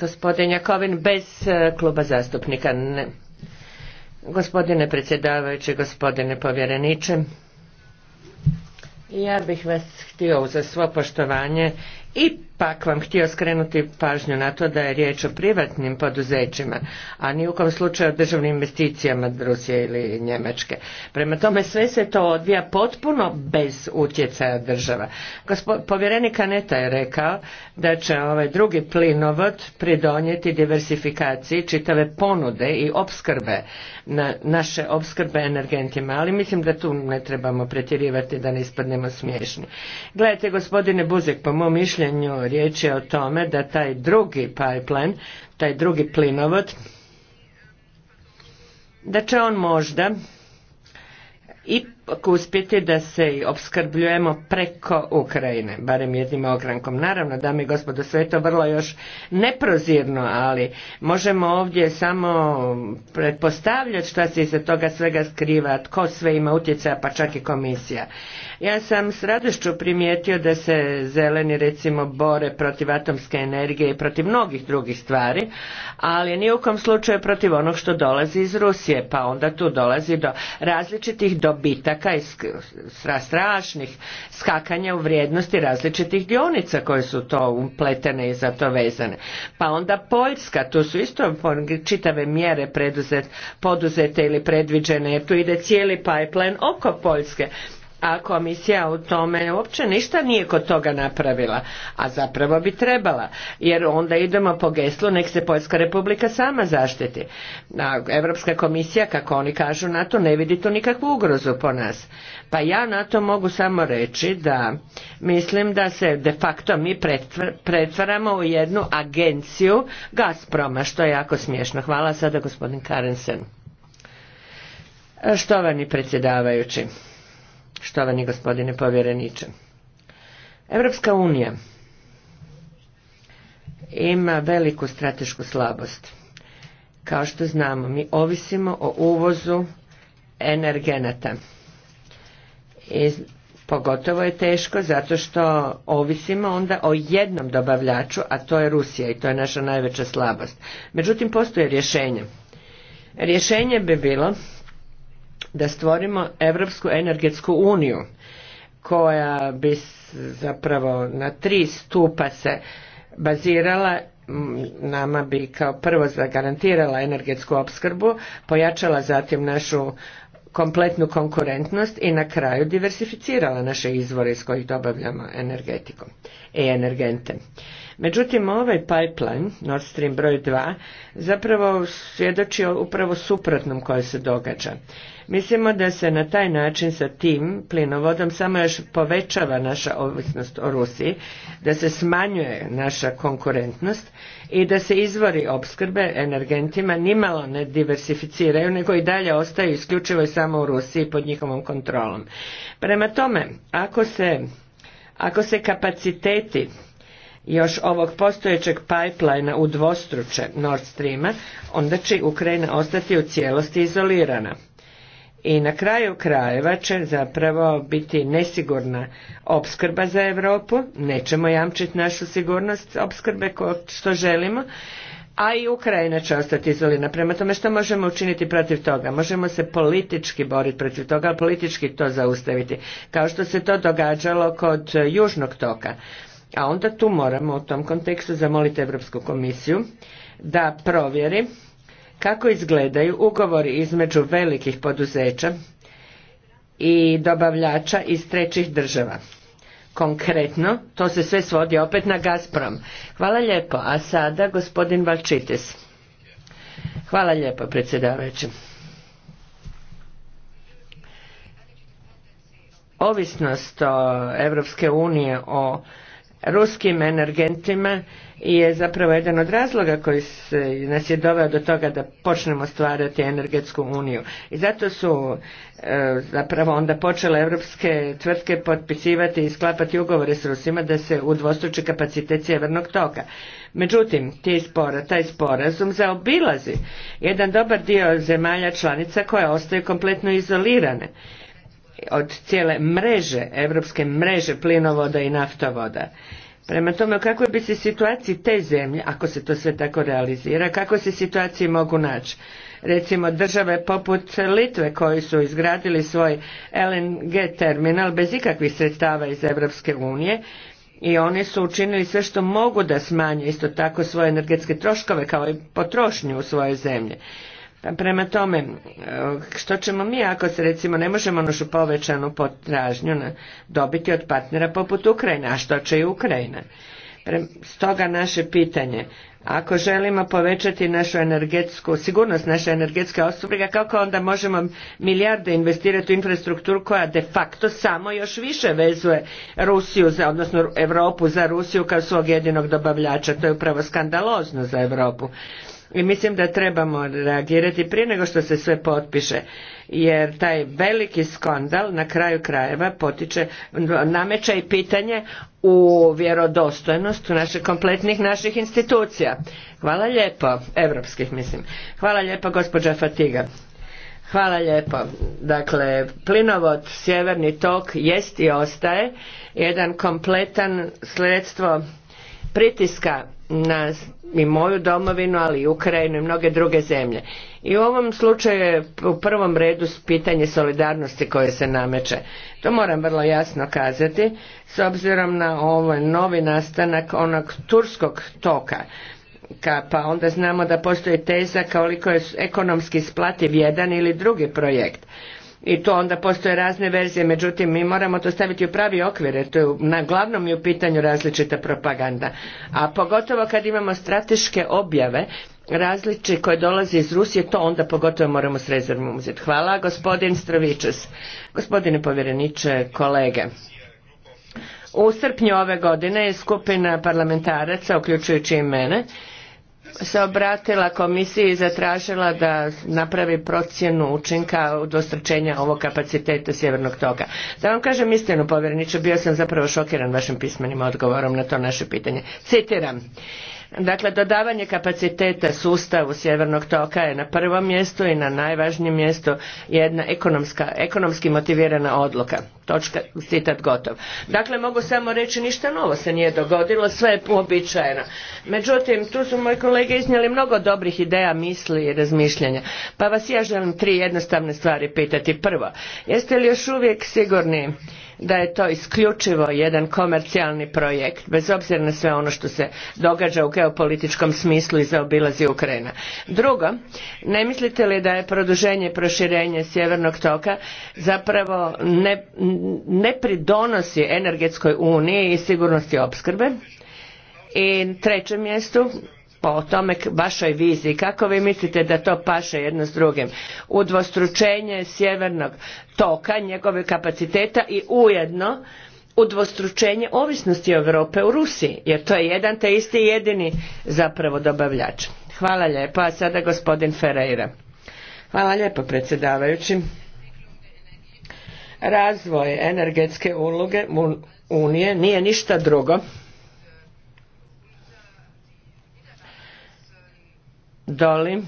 gospodin Jakovin bez e, kluba zastupnika. Gospodine predsjedavajući, gospodine povjereniče, ja bih vas htio za svo poštovanje i pak vam htio skrenuti pažnju na to da je riječ o privatnim poduzećima, a ni u kom slučaju o državnim investicijama Rusije ili Njemačke. Prema tome sve se to odvija potpuno bez utjecaja država. povjerenik Aneta je rekao da će ovaj drugi plinovod pridonijeti diversifikaciji čitave ponude i opskrbe na naše opskrbe energentima, ali mislim da tu ne trebamo pretjerivati da ne ispadnemo smiješni. Gledajte gospodine Buzek, po mom mišljenju riječ je o tome da taj drugi pipeline, taj drugi plinovod, da će on možda i uspjeti da se opskrbljujemo preko Ukrajine, barem jednim ogrankom. Naravno, dame i gospodo, sve je to vrlo još neprozirno, ali možemo ovdje samo pretpostavljati šta se iza toga svega skriva, tko sve ima utjecaja, pa čak i komisija. Ja sam s radošću primijetio da se zeleni recimo bore protiv atomske energije i protiv mnogih drugih stvari, ali ni u kom slučaju protiv onog što dolazi iz Rusije, pa onda tu dolazi do različitih dobitaka i strašnih skakanja u vrijednosti različitih dionica koje su to upletene i za to vezane. Pa onda Poljska, tu su isto čitave mjere poduzete ili predviđene, jer tu ide cijeli pipeline oko Poljske a komisija u tome uopće ništa nije kod toga napravila, a zapravo bi trebala, jer onda idemo po geslu nek se Poljska republika sama zaštiti. A Evropska komisija, kako oni kažu na to, ne vidi tu nikakvu ugrozu po nas. Pa ja na to mogu samo reći da mislim da se de facto mi pretvaramo u jednu agenciju Gazproma, što je jako smiješno. Hvala sada gospodin Karensen. Štovani predsjedavajući štovani gospodine povjereniče. Evropska unija ima veliku stratešku slabost. Kao što znamo, mi ovisimo o uvozu energenata. I pogotovo je teško zato što ovisimo onda o jednom dobavljaču, a to je Rusija i to je naša najveća slabost. Međutim, postoje rješenje. Rješenje bi bilo da stvorimo Europsku energetsku uniju koja bi zapravo na tri stupa se bazirala nama bi kao prvo zagarantirala energetsku opskrbu, pojačala zatim našu kompletnu konkurentnost i na kraju diversificirala naše izvore iz kojih dobavljamo energetiku i energente. Međutim, ovaj pipeline, Nord Stream broj 2, zapravo svjedoči upravo suprotnom koje se događa. Mislimo da se na taj način sa tim plinovodom samo još povećava naša ovisnost o Rusiji, da se smanjuje naša konkurentnost i da se izvori opskrbe energentima nimalo ne diversificiraju, nego i dalje ostaju isključivo i samo u Rusiji pod njihovom kontrolom. Prema tome, ako se, ako se kapaciteti još ovog postojećeg pipelina u dvostruče Nord Streama, onda će Ukrajina ostati u cijelosti izolirana i na kraju krajeva će zapravo biti nesigurna opskrba za Europu, nećemo jamčiti našu sigurnost opskrbe što želimo, a i Ukrajina će ostati izolina. Prema tome što možemo učiniti protiv toga? Možemo se politički boriti protiv toga, ali politički to zaustaviti, kao što se to događalo kod Južnog toka. A onda tu moramo u tom kontekstu zamoliti Europsku komisiju da provjeri kako izgledaju ugovori između velikih poduzeća i dobavljača iz trećih država. Konkretno, to se sve svodi opet na Gazprom. Hvala lijepo, a sada gospodin Valčites. Hvala lijepo, predsjedavajući. Ovisnost Evropske unije o ruskim energentima je zapravo jedan od razloga koji se, nas je doveo do toga da počnemo stvarati energetsku uniju. I zato su e, zapravo onda počele europske tvrtke potpisivati i sklapati ugovore s Rusima da se udvostruči kapacitet sjevernog toka. Međutim, ti spora, taj sporazum zaobilazi jedan dobar dio zemalja članica koje ostaju kompletno izolirane od cijele mreže, europske mreže plinovoda i naftovoda. Prema tome, kako bi se situaciji te zemlje, ako se to sve tako realizira, kako se situaciji mogu naći? Recimo države poput Litve koji su izgradili svoj LNG terminal bez ikakvih sredstava iz Europske unije i oni su učinili sve što mogu da smanje isto tako svoje energetske troškove kao i potrošnju u svoje zemlje. Prema tome, e, što ćemo mi ako se recimo ne možemo našu povećanu potražnju dobiti od partnera poput Ukrajine, a što će i Ukrajina? Stoga naše pitanje, ako želimo povećati našu energetsku sigurnost, naše energetske osobe kako onda možemo milijarde investirati u infrastrukturu koja de facto samo još više vezuje Rusiju, za, odnosno Europu za Rusiju kao svog jedinog dobavljača. To je upravo skandalozno za Europu i mislim da trebamo reagirati prije nego što se sve potpiše jer taj veliki skandal na kraju krajeva potiče, nameće i pitanje u vjerodostojnost naših kompletnih naših institucija. Hvala lijepo, evropskih mislim. Hvala lijepo gospođa Fatiga. Hvala lijepo. Dakle, plinovod Sjeverni tok jest i ostaje jedan kompletan sredstvo pritiska na i moju domovinu, ali i Ukrajinu i mnoge druge zemlje. I u ovom slučaju je u prvom redu pitanje solidarnosti koje se nameće. To moram vrlo jasno kazati, s obzirom na ovaj novi nastanak onog turskog toka. Ka, pa onda znamo da postoji teza koliko je ekonomski splativ jedan ili drugi projekt i to onda postoje razne verzije, međutim mi moramo to staviti u pravi okvir jer to je na glavnom je u pitanju različita propaganda. A pogotovo kad imamo strateške objave različite koje dolaze iz Rusije, to onda pogotovo moramo s rezervom uzeti. Hvala gospodin stroviću gospodine povjereniče, kolege. U srpnju ove godine je skupina parlamentaraca, uključujući i mene, se obratila komisiji i zatražila da napravi procjenu učinka udvostručenja ovog kapaciteta Sjevernog toga. Da vam kažem istinu, povjereniče, bio sam zapravo šokiran vašim pismenim odgovorom na to naše pitanje. Citiram, Dakle, dodavanje kapaciteta sustavu Sjevernog toka je na prvom mjestu i na najvažnijem mjestu jedna ekonomska, ekonomski motivirana odluka. Točka, citat gotov. Dakle, mogu samo reći ništa novo se nije dogodilo, sve je uobičajeno. Međutim, tu su moji kolege iznijeli mnogo dobrih ideja, misli i razmišljanja. Pa vas ja želim tri jednostavne stvari pitati. Prvo, jeste li još uvijek sigurni da je to isključivo jedan komercijalni projekt, bez obzira na sve ono što se događa u geopolitičkom smislu i zaobilazi Ukrajina. Drugo, ne mislite li da je produženje i proširenje Sjevernog toka zapravo ne, ne pridonosi energetskoj uniji i sigurnosti opskrbe? I trećem mjestu, o tome vašoj viziji. Kako vi mislite da to paše jedno s drugim? Udvostručenje sjevernog toka, njegove kapaciteta i ujedno udvostručenje ovisnosti Europe u Rusiji, jer to je jedan te isti jedini zapravo dobavljač. Hvala lijepo, a sada gospodin Ferreira. Hvala lijepo predsjedavajući. Razvoj energetske uloge Unije nije ništa drugo Doli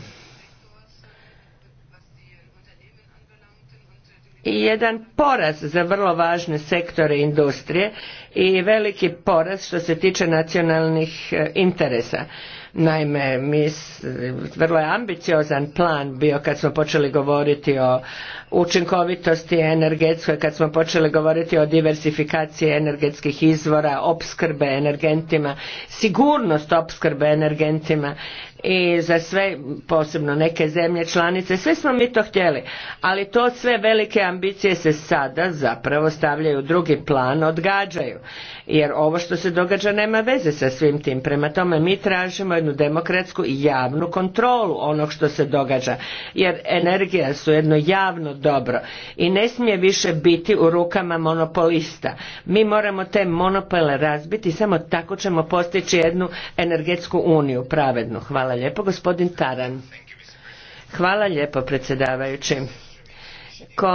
i jedan poraz za vrlo važne sektore industrije i veliki poraz što se tiče nacionalnih e, interesa. Naime, mi vrlo je ambiciozan plan bio kad smo počeli govoriti o učinkovitosti energetskoj, kad smo počeli govoriti o diversifikaciji energetskih izvora, opskrbe energentima, sigurnost opskrbe energentima i za sve, posebno neke zemlje članice, sve smo mi to htjeli, ali to sve velike ambicije se sada zapravo stavljaju u drugi plan, odgađaju jer ovo što se događa nema veze sa svim tim. Prema tome mi tražimo jednu demokratsku i javnu kontrolu onog što se događa jer energija su jedno javno dobro i ne smije više biti u rukama monopolista. Mi moramo te monopole razbiti samo tako ćemo postići jednu energetsku uniju pravednu. Hvala lijepo gospodin Taran. Hvala lijepo predsjedavajući ko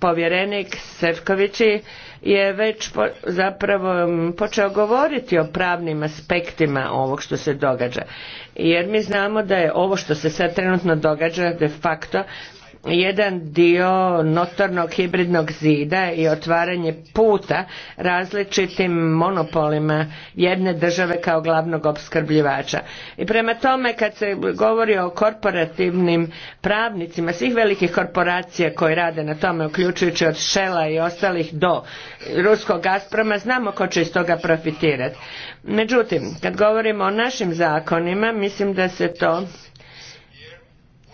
povjerenik Sefkovići je već po, zapravo mm, počeo govoriti o pravnim aspektima ovog što se događa. Jer mi znamo da je ovo što se sad trenutno događa de facto jedan dio notornog hibridnog zida i otvaranje puta različitim monopolima jedne države kao glavnog opskrbljivača. I prema tome kad se govori o korporativnim pravnicima svih velikih korporacija koji rade na tome uključujući od Shella i ostalih do ruskog Gazproma znamo ko će iz toga profitirati. Međutim, kad govorimo o našim zakonima mislim da se to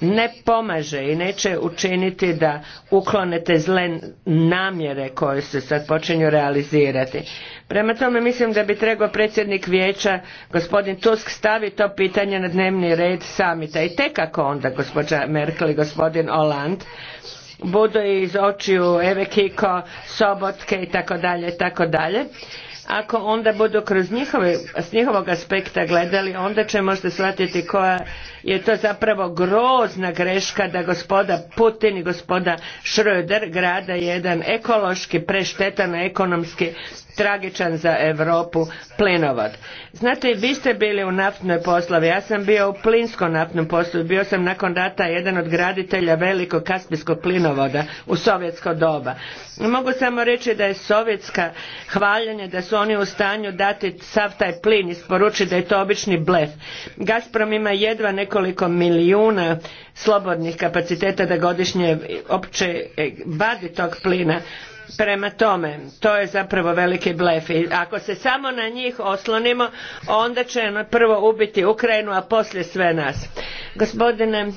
ne pomaže i neće učiniti da uklonete zle namjere koje se sad počinju realizirati. Prema tome mislim da bi trebao predsjednik vijeća gospodin Tusk staviti to pitanje na dnevni red samita i tek onda gospođa Merkel i gospodin Hollande budu iz očiju Eve Kiko, Sobotke i tako dalje, tako dalje ako onda budu kroz njihove, s njihovog aspekta gledali, onda će možda shvatiti koja je to zapravo grozna greška da gospoda Putin i gospoda Schröder grada jedan ekološki preštetan ekonomski tragičan za Europu plinovod. Znate, vi ste bili u naftnoj poslovi, ja sam bio u plinskom naftnom poslovi. bio sam nakon rata jedan od graditelja velikog kaspijskog plinovoda u sovjetsko doba. Mogu samo reći da je sovjetska hvaljanje da su oni u stanju dati sav taj plin isporučiti da je to obični blef. Gazprom ima jedva nekoliko milijuna slobodnih kapaciteta da godišnje opće vadi e, tog plina Prema tome, to je zapravo veliki blef i ako se samo na njih oslonimo, onda će ono prvo ubiti Ukrajinu, a poslije sve nas. Gospodine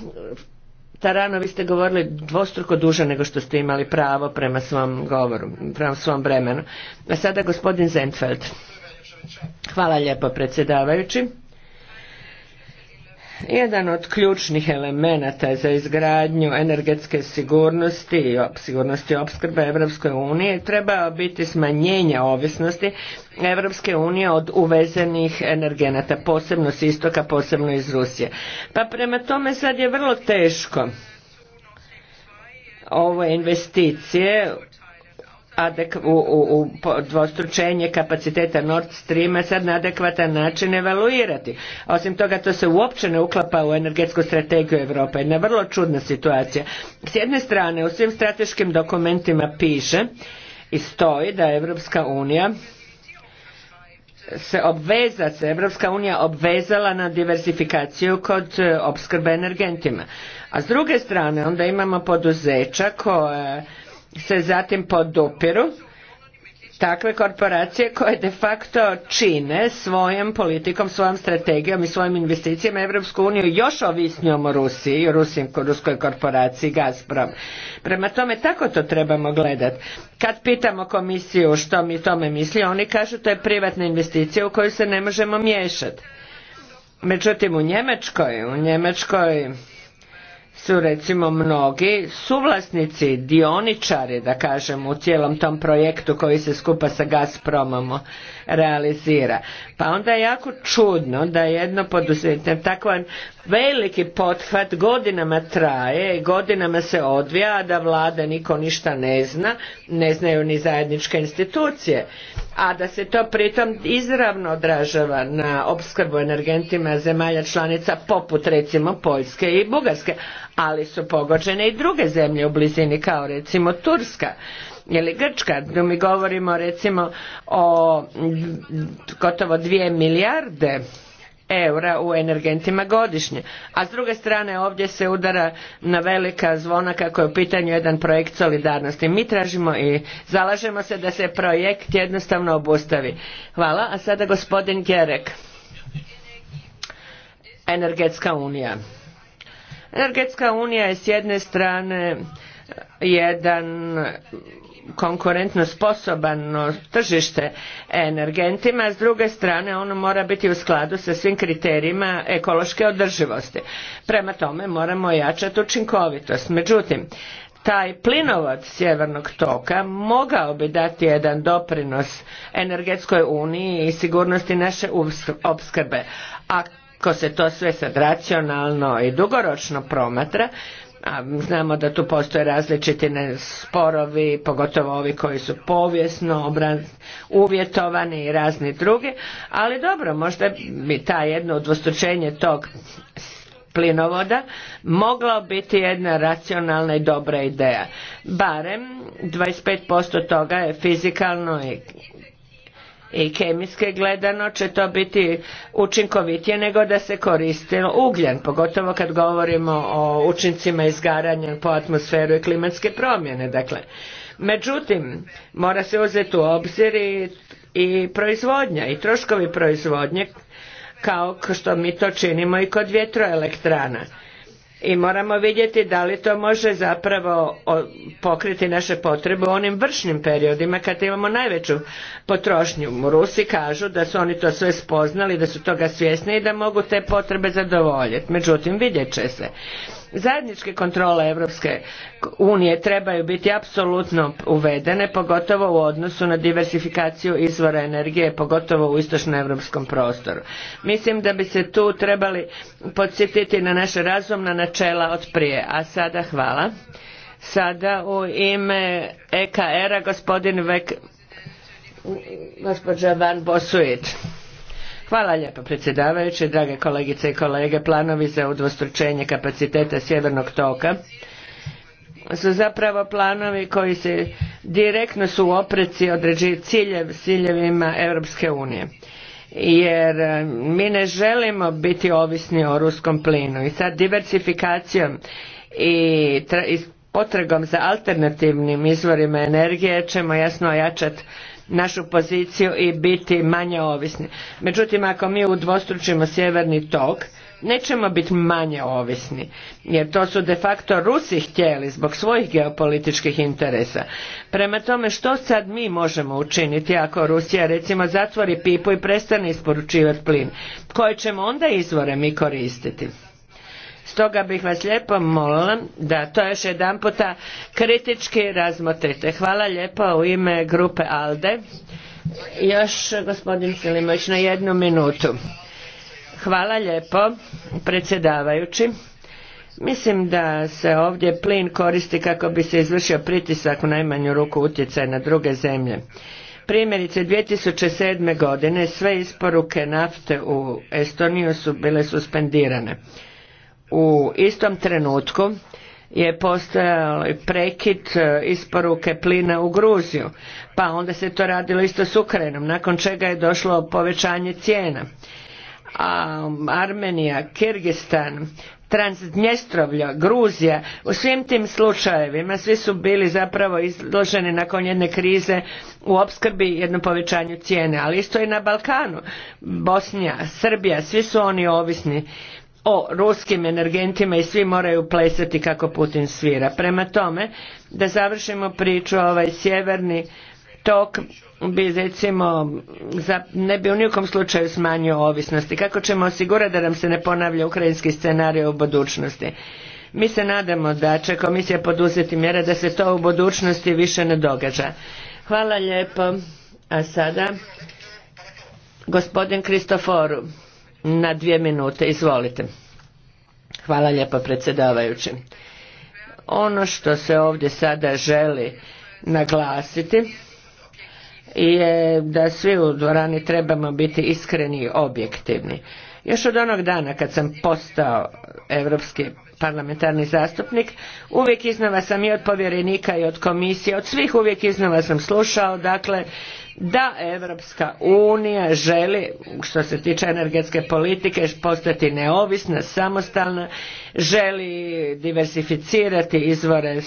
Tarano, vi ste govorili dvostruko duže nego što ste imali pravo prema svom govoru, prema svom vremenu. A sada gospodin Zentfeld. Hvala lijepo predsjedavajući. Jedan od ključnih elemenata za izgradnju energetske sigurnosti i sigurnosti opskrbe Europske unije trebao biti smanjenje ovisnosti Europske unije od uvezenih energenata, posebno s istoka, posebno iz Rusije. Pa prema tome sad je vrlo teško ove investicije u, dvostručenje kapaciteta Nord Streama sad na adekvatan način evaluirati. Osim toga to se uopće ne uklapa u energetsku strategiju Europe. Jedna vrlo čudna situacija. S jedne strane u svim strateškim dokumentima piše i stoji da Europska unija se obveza se Evropska unija obvezala na diversifikaciju kod e, opskrbe energentima. A s druge strane onda imamo poduzeća koja se zatim podupiru takve korporacije koje de facto čine svojom politikom, svojom strategijom i svojim investicijama Evropsku uniju još ovisnijom o Rusiji i ruskoj korporaciji Gazprom. Prema tome tako to trebamo gledati. Kad pitamo komisiju što mi tome misli, oni kažu to je privatna investicija u koju se ne možemo miješati. Međutim u Njemačkoj, u Njemačkoj su recimo mnogi suvlasnici, dioničari da kažem u cijelom tom projektu koji se skupa sa Gazpromom realizira. Pa onda je jako čudno da jedno poduzetnje, tako veliki pothvat godinama traje, godinama se odvija, a da vlada niko ništa ne zna, ne znaju ni zajedničke institucije, a da se to pritom izravno odražava na opskrbu energentima zemalja članica poput recimo Poljske i Bugarske, ali su pogođene i druge zemlje u blizini kao recimo Turska ili Grčka, gdje mi govorimo recimo o gotovo dvije milijarde eura u energentima godišnje. A s druge strane ovdje se udara na velika zvona kako je u pitanju jedan projekt solidarnosti. Mi tražimo i zalažemo se da se projekt jednostavno obustavi. Hvala. A sada gospodin Gerek. Energetska unija. Energetska unija je s jedne strane jedan konkurentno sposobno tržište energentima, s druge strane ono mora biti u skladu sa svim kriterijima ekološke održivosti. Prema tome moramo jačati učinkovitost. Međutim, taj plinovod sjevernog toka mogao bi dati jedan doprinos energetskoj uniji i sigurnosti naše opskrbe. Ako se to sve sad racionalno i dugoročno promatra, a znamo da tu postoje različiti sporovi, pogotovo ovi koji su povijesno uvjetovani i razni drugi, ali dobro, možda bi ta jedno udvostručenje tog plinovoda mogla biti jedna racionalna i dobra ideja. Barem 25% toga je fizikalno i i kemijske gledano će to biti učinkovitije nego da se koristi ugljen, pogotovo kad govorimo o učincima izgaranja po atmosferu i klimatske promjene. Dakle, međutim, mora se uzeti u obzir i, i proizvodnja i troškovi proizvodnje kao što mi to činimo i kod vjetroelektrana i moramo vidjeti da li to može zapravo pokriti naše potrebe u onim vršnim periodima kad imamo najveću potrošnju. Rusi kažu da su oni to sve spoznali, da su toga svjesni i da mogu te potrebe zadovoljiti. Međutim, vidjet će se zajedničke kontrole Europske unije trebaju biti apsolutno uvedene, pogotovo u odnosu na diversifikaciju izvora energije, pogotovo u europskom prostoru. Mislim da bi se tu trebali podsjetiti na naša razumna načela od prije. A sada hvala. Sada u ime EKR-a gospodin Vek, gospođa Van Bosuit. Hvala lijepo predsjedavajući, drage kolegice i kolege. Planovi za udvostručenje kapaciteta Sjevernog toka su zapravo planovi koji se direktno su u opreci određuju ciljevima Europske unije. Jer e, mi ne želimo biti ovisni o ruskom plinu i sad diversifikacijom i, i potragom za alternativnim izvorima energije ćemo jasno ojačati našu poziciju i biti manje ovisni. Međutim, ako mi udvostručimo sjeverni tok, nećemo biti manje ovisni, jer to su de facto Rusi htjeli zbog svojih geopolitičkih interesa. Prema tome što sad mi možemo učiniti ako Rusija recimo zatvori pipu i prestane isporučivati plin? Koje ćemo onda izvore mi koristiti? Stoga bih vas lijepo molila da to još jedan puta kritički razmotrite. Hvala lijepo u ime grupe ALDE. Još gospodin Silimović na jednu minutu. Hvala lijepo predsjedavajući. Mislim da se ovdje plin koristi kako bi se izvršio pritisak u najmanju ruku utjecaj na druge zemlje. Primjerice 2007. godine sve isporuke nafte u Estoniju su bile suspendirane u istom trenutku je postojao prekid e, isporuke plina u Gruziju, pa onda se to radilo isto s Ukrajinom, nakon čega je došlo povećanje cijena. A um, Armenija, Kirgistan, Transdnjestrovlja, Gruzija, u svim tim slučajevima svi su bili zapravo izloženi nakon jedne krize u opskrbi jednom povećanju cijene, ali isto i na Balkanu, Bosnija, Srbija, svi su oni ovisni o ruskim energentima i svi moraju plesati kako Putin svira. Prema tome, da završimo priču ovaj sjeverni tok bi recimo ne bi u nikom slučaju smanjio ovisnosti. Kako ćemo osigurati da nam se ne ponavlja ukrajinski scenarij u budućnosti? Mi se nadamo da će komisija poduzeti mjere da se to u budućnosti više ne događa. Hvala lijepo. A sada gospodin Kristoforu na dvije minute. Izvolite. Hvala lijepo predsjedavajući. Ono što se ovdje sada želi naglasiti je da svi u dvorani trebamo biti iskreni i objektivni. Još od onog dana kad sam postao europski parlamentarni zastupnik, uvijek iznova sam i od povjerenika i od komisije, od svih uvijek iznova sam slušao, dakle, da Europska unija želi, što se tiče energetske politike, postati neovisna, samostalna, želi diversificirati izvore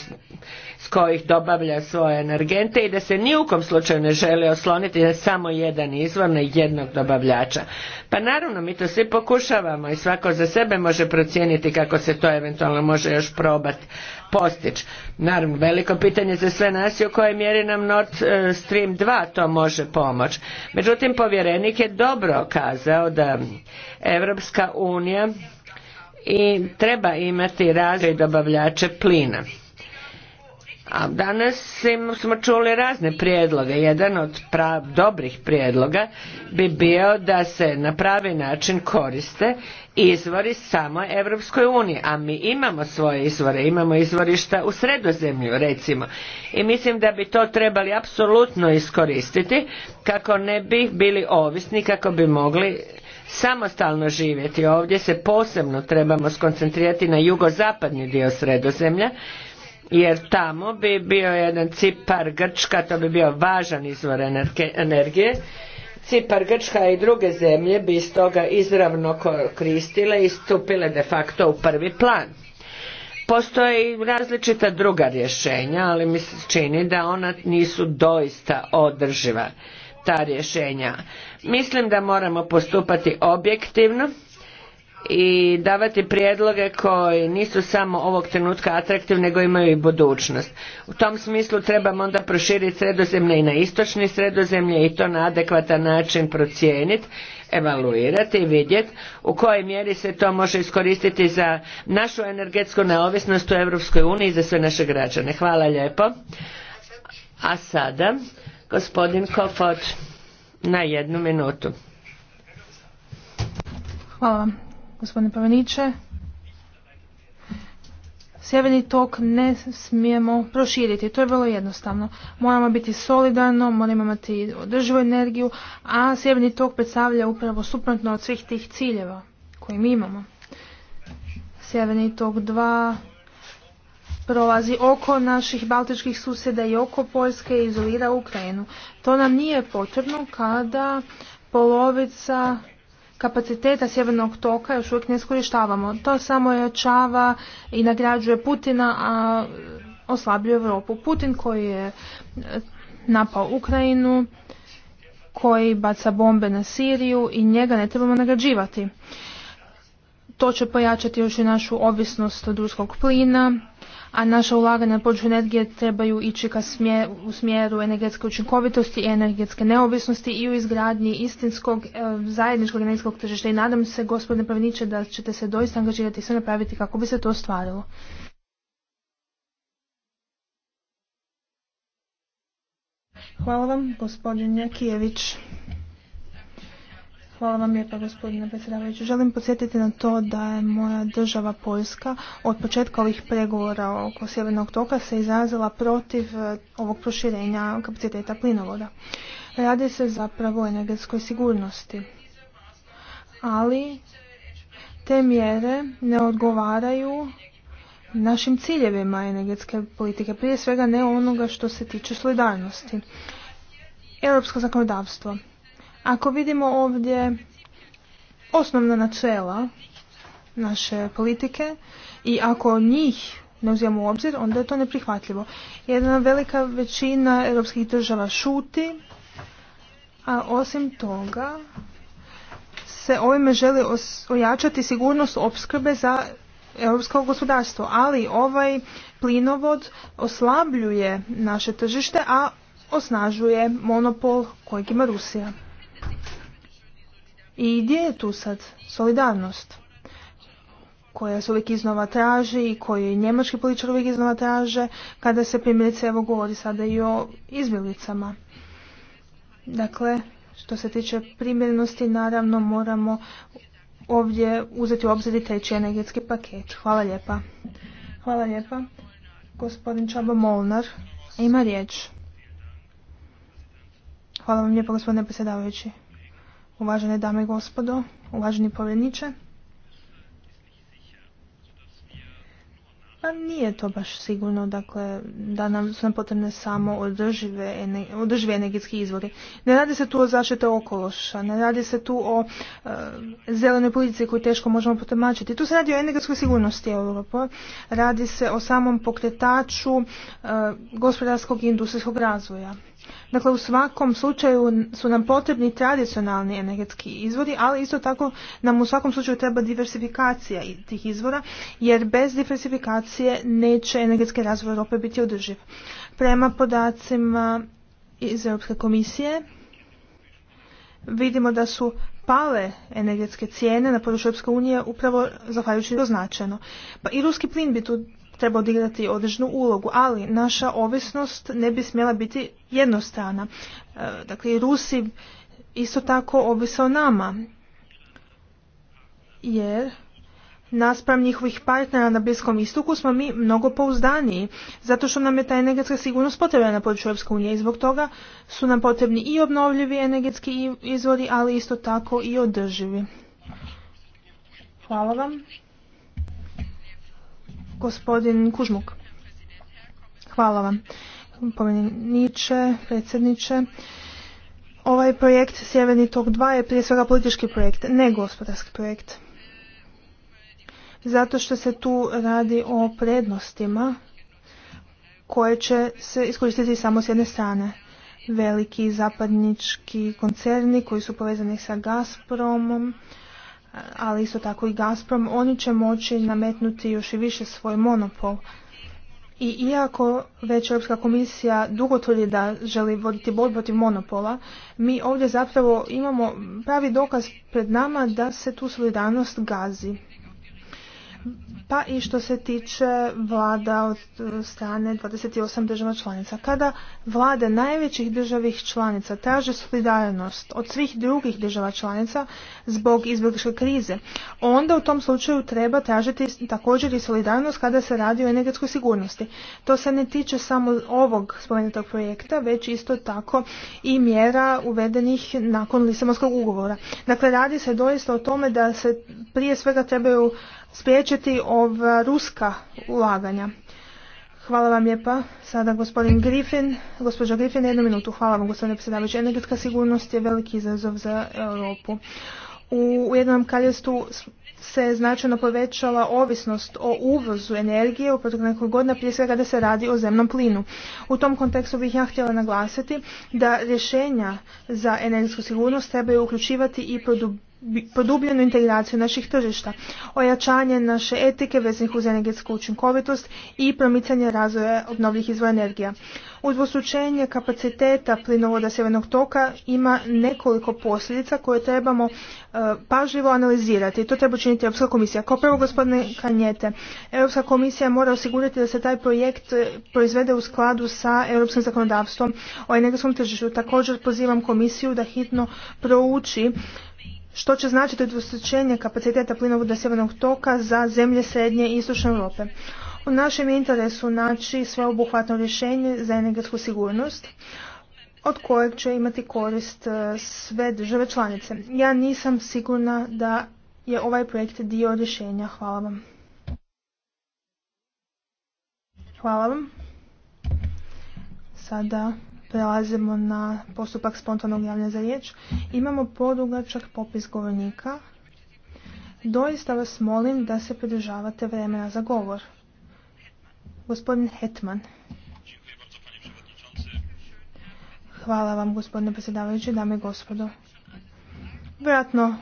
s kojih dobavlja svoje energente i da se ni u kom slučaju ne želi osloniti na samo jedan izvor, na jednog dobavljača. Pa naravno, mi to svi pokušavamo i svako za sebe može procijeniti kako se to eventualno može još probati postići. Naravno, veliko pitanje za sve nas i u kojoj mjeri nam Nord e, Stream 2 to može pomoć. Međutim, povjerenik je dobro kazao da Evropska unija i treba imati razvoj dobavljače plina. A danas smo čuli razne prijedloge. Jedan od prav, dobrih prijedloga bi bio da se na pravi način koriste izvori samo Europskoj uniji, a mi imamo svoje izvore, imamo izvorišta u sredozemlju recimo. I mislim da bi to trebali apsolutno iskoristiti kako ne bi bili ovisni, kako bi mogli samostalno živjeti. Ovdje se posebno trebamo skoncentrirati na jugozapadni dio sredozemlja jer tamo bi bio jedan Cipar, Grčka, to bi bio važan izvor energije. Cipar, Grčka i druge zemlje bi iz toga izravno koristile i stupile de facto u prvi plan. Postoje i različita druga rješenja, ali mi se čini da ona nisu doista održiva, ta rješenja. Mislim da moramo postupati objektivno, i davati prijedloge koji nisu samo ovog trenutka atraktivni nego imaju i budućnost. U tom smislu trebamo onda proširiti sredozemlje i na istočni sredozemlje i to na adekvatan način procijeniti evaluirati i vidjeti u kojoj mjeri se to može iskoristiti za našu energetsku neovisnost u EU i za sve naše građane. Hvala lijepo. A sada gospodin Kofot na jednu minutu. Hvala vam gospodine Pavaniće. Sjeverni tok ne smijemo proširiti, to je vrlo jednostavno. Moramo biti solidarno, moramo imati održivu energiju, a sjeverni tok predstavlja upravo suprotno od svih tih ciljeva koje mi imamo. Sjeverni tok 2 prolazi oko naših baltičkih susjeda i oko Poljske i izolira Ukrajinu. To nam nije potrebno kada polovica kapaciteta sjevernog toka još uvijek ne iskorištavamo. To samo jačava i nagrađuje Putina, a oslabljuje Europu. Putin koji je e, napao Ukrajinu, koji baca bombe na Siriju i njega ne trebamo nagrađivati. To će pojačati još i našu ovisnost od ruskog plina, a naša ulaganja na području energije trebaju ići ka u smjeru energetske učinkovitosti i energetske neovisnosti i u izgradnji istinskog e, zajedničkog energetskog tržišta. I nadam se, gospodine Pravniče, da ćete se doista angažirati i sve napraviti kako bi se to ostvarilo. Hvala vam, gospodin Hvala vam lijepa gospodine predsjedavajući. Želim podsjetiti na to da je moja država Poljska od početka ovih pregovora oko Sjevernog toka se izrazila protiv e, ovog proširenja kapaciteta plinovoda. Radi se zapravo o energetskoj sigurnosti. Ali te mjere ne odgovaraju našim ciljevima energetske politike, prije svega ne onoga što se tiče solidarnosti. Europsko zakonodavstvo ako vidimo ovdje osnovna načela naše politike i ako njih ne uzijemo u obzir, onda je to neprihvatljivo. Jedna velika većina europskih država šuti, a osim toga se ovime želi ojačati sigurnost opskrbe za europsko gospodarstvo, ali ovaj plinovod oslabljuje naše tržište, a osnažuje monopol kojeg ima Rusija. I gdje je tu sad solidarnost koja se uvijek iznova traži i koju njemački političar uvijek iznova traže kada se primjerice evo govori sada i o izbjeglicama. Dakle, što se tiče primjernosti, naravno moramo ovdje uzeti u obzir i treći energetski paket. Hvala lijepa. Hvala lijepa. Gospodin Čaba Molnar ima riječ. Hvala vam lijepo gospodine predsjedavajući. Uvažene dame i gospodo, uvaženi povjedniče. Pa nije to baš sigurno, dakle, da nam su nam potrebne samo održive, održive energetski izvori. Ne radi se tu o zaštite okološa, ne radi se tu o e, zelenoj politici koju teško možemo potomačiti. Tu se radi o energetskoj sigurnosti Europe, radi se o samom pokretaču e, gospodarskog i industrijskog razvoja. Dakle, u svakom slučaju su nam potrebni tradicionalni energetski izvori, ali isto tako nam u svakom slučaju treba diversifikacija tih izvora, jer bez diversifikacije neće energetski razvoj Europe biti održiv. Prema podacima iz Europske komisije vidimo da su pale energetske cijene na području Europske unije upravo zahvaljujući značajno. Pa i ruski plin bi tu treba odigrati određenu ulogu, ali naša ovisnost ne bi smjela biti jednostrana. E, dakle, Rusi isto tako ovise o nama, jer naspram njihovih partnera na Bliskom istoku smo mi mnogo pouzdaniji, zato što nam je ta energetska sigurnost potrebna na području Europske unije i zbog toga su nam potrebni i obnovljivi energetski izvori, ali isto tako i održivi. Hvala vam. Gospodin Kužmuk. Hvala vam. Pomeniče, predsjedniče. Ovaj projekt Sjeverni tok 2 je prije svega politički projekt, ne gospodarski projekt. Zato što se tu radi o prednostima koje će se iskoristiti samo s jedne strane. Veliki zapadnički koncerni koji su povezani sa Gazpromom, ali isto tako i Gazprom, oni će moći nametnuti još i više svoj monopol. I iako već Europska komisija dugo tvrdi da želi voditi borbu protiv monopola, mi ovdje zapravo imamo pravi dokaz pred nama da se tu solidarnost gazi pa i što se tiče vlada od e, strane 28 država članica. Kada vlade najvećih državih članica traže solidarnost od svih drugih država članica zbog izbjegličke krize, onda u tom slučaju treba tražiti također i solidarnost kada se radi o energetskoj sigurnosti. To se ne tiče samo ovog spomenutog projekta, već isto tako i mjera uvedenih nakon Lisamonskog ugovora. Dakle, radi se doista o tome da se prije svega trebaju spriječiti ova ruska ulaganja. Hvala vam lijepa. Sada gospodin Griffin, gospođa Griffin, jednu minutu. Hvala vam gospodine predsjedavajući. Energetska sigurnost je veliki izazov za Europu. U jednom kaljestu se značajno povećala ovisnost o uvozu energije u proteklih godina, prije svega da se radi o zemnom plinu. U tom kontekstu bih ja htjela naglasiti da rješenja za energetsku sigurnost trebaju uključivati i produbiti produbljenu integraciju naših tržišta, ojačanje naše etike veznih uz energetsku učinkovitost i promicanje razvoja obnovljivih izvora energija. Udvostručenje kapaciteta plinovoda Sjevernog toka ima nekoliko posljedica koje trebamo e, pažljivo analizirati. To treba učiniti Europska komisija. Kao prvo, gospodine Kanjete, Europska komisija mora osigurati da se taj projekt e, proizvede u skladu sa europskim zakonodavstvom o energetskom tržištu. Također pozivam komisiju da hitno prouči što će značiti udvostručenje kapaciteta plinovoda Sjevernog toka za zemlje srednje i istočne Europe. U našem interesu naći sveobuhvatno rješenje za energetsku sigurnost od kojeg će imati korist e, sve države članice. Ja nisam sigurna da je ovaj projekt dio rješenja. Hvala vam. Hvala vam. Sada prelazimo na postupak spontanog javljanja za riječ. Imamo podugačak popis govornika. Doista vas molim da se pridržavate vremena za govor. Gospodin Hetman. Hvala vam, gospodine predsjedavajući, dame i gospodo. Vjerojatno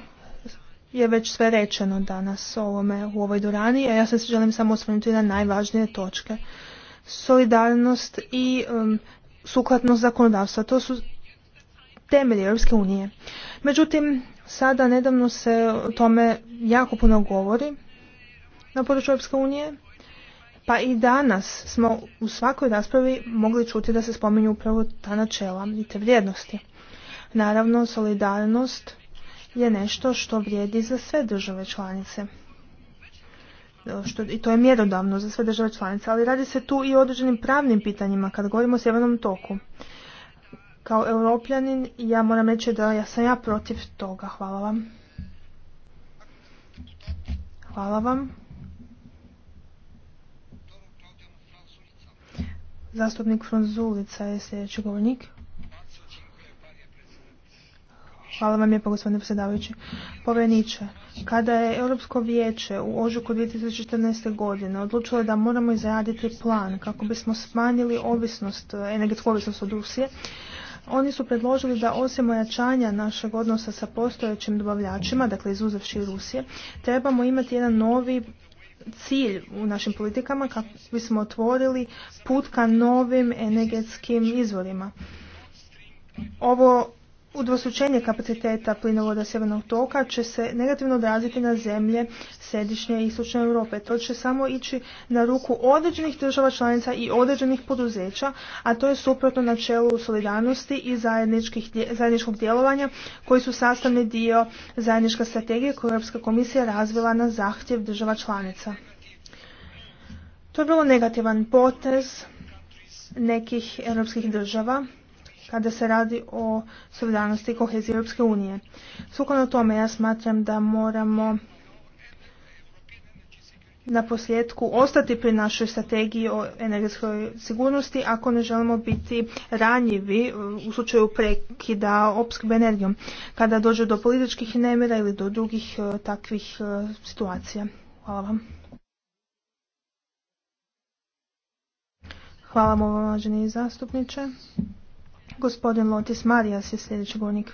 je već sve rečeno danas ovome, u ovoj durani, a ja se želim samo osvrnuti na najvažnije točke. Solidarnost i um, sukladno zakonodavstva. To su temelji Europske unije. Međutim, sada nedavno se o tome jako puno govori na području Europske unije. Pa i danas smo u svakoj raspravi mogli čuti da se spominju upravo ta načela i te vrijednosti. Naravno, solidarnost je nešto što vrijedi za sve države članice. E, što, i to je mjerodavno za sve države članice, ali radi se tu i o određenim pravnim pitanjima kad govorimo o sjevernom toku. Kao europljanin ja moram reći da ja sam ja protiv toga. Hvala vam. Hvala vam. Zastupnik Fronzulica je sljedeći govornik. Hvala vam lijepo gospodine predsjedavajući. Poveniče, kada je Europsko vijeće u ožuku 2014. godine odlučilo da moramo izraditi plan kako bismo smanjili ovisnost, energetsku ovisnost od Rusije, oni su predložili da osim ojačanja našeg odnosa sa postojećim dobavljačima, dakle izuzevši Rusije, trebamo imati jedan novi cilj u našim politikama kako bismo otvorili put ka novim energetskim izvorima. Ovo Udvostručenje kapaciteta plinovoda Sjevernog toka će se negativno odraziti na zemlje središnje i istočne Europe. To će samo ići na ruku određenih država članica i određenih poduzeća, a to je suprotno načelu solidarnosti i zajedničkog djelovanja koji su sastavni dio zajedničke strategije koju Europska komisija razvila na zahtjev država članica. To je bilo negativan potez nekih europskih država kada se radi o solidarnosti i koheziji Europske unije. Sukladno tome ja smatram da moramo na posljedku ostati pri našoj strategiji o energetskoj sigurnosti ako ne želimo biti ranjivi e, u slučaju prekida opskrbe energijom kada dođe do političkih nemira ili do drugih e, takvih e, situacija. Hvala vam. Hvala vam uvaženi zastupniče. Gospodin Lotis Marijas je sljedeći govornik.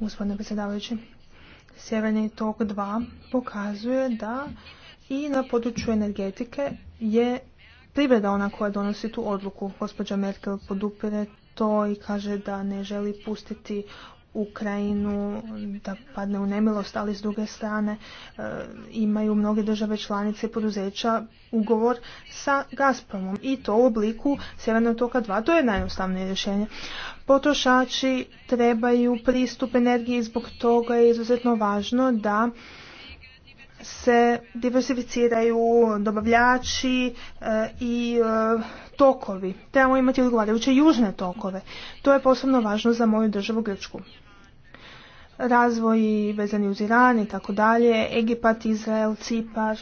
Gospodine predsjedavajući, Sjeverni tok 2 pokazuje da i na području energetike je privreda ona koja donosi tu odluku. Gospođa Merkel podupire to i kaže da ne želi pustiti Ukrajinu da padne u nemilost, ali s druge strane e, imaju mnoge države članice poduzeća ugovor sa Gazpromom i to u obliku Sjevernog toka 2. To je najjednostavnije rješenje. Potrošači trebaju pristup energiji, zbog toga je izuzetno važno da se diversificiraju dobavljači e, i e, tokovi. Trebamo imati odgovarajuće južne tokove. To je posebno važno za moju državu Grčku. Razvoj vezani uz Iran i tako dalje, Egipat, Izrael, Cipar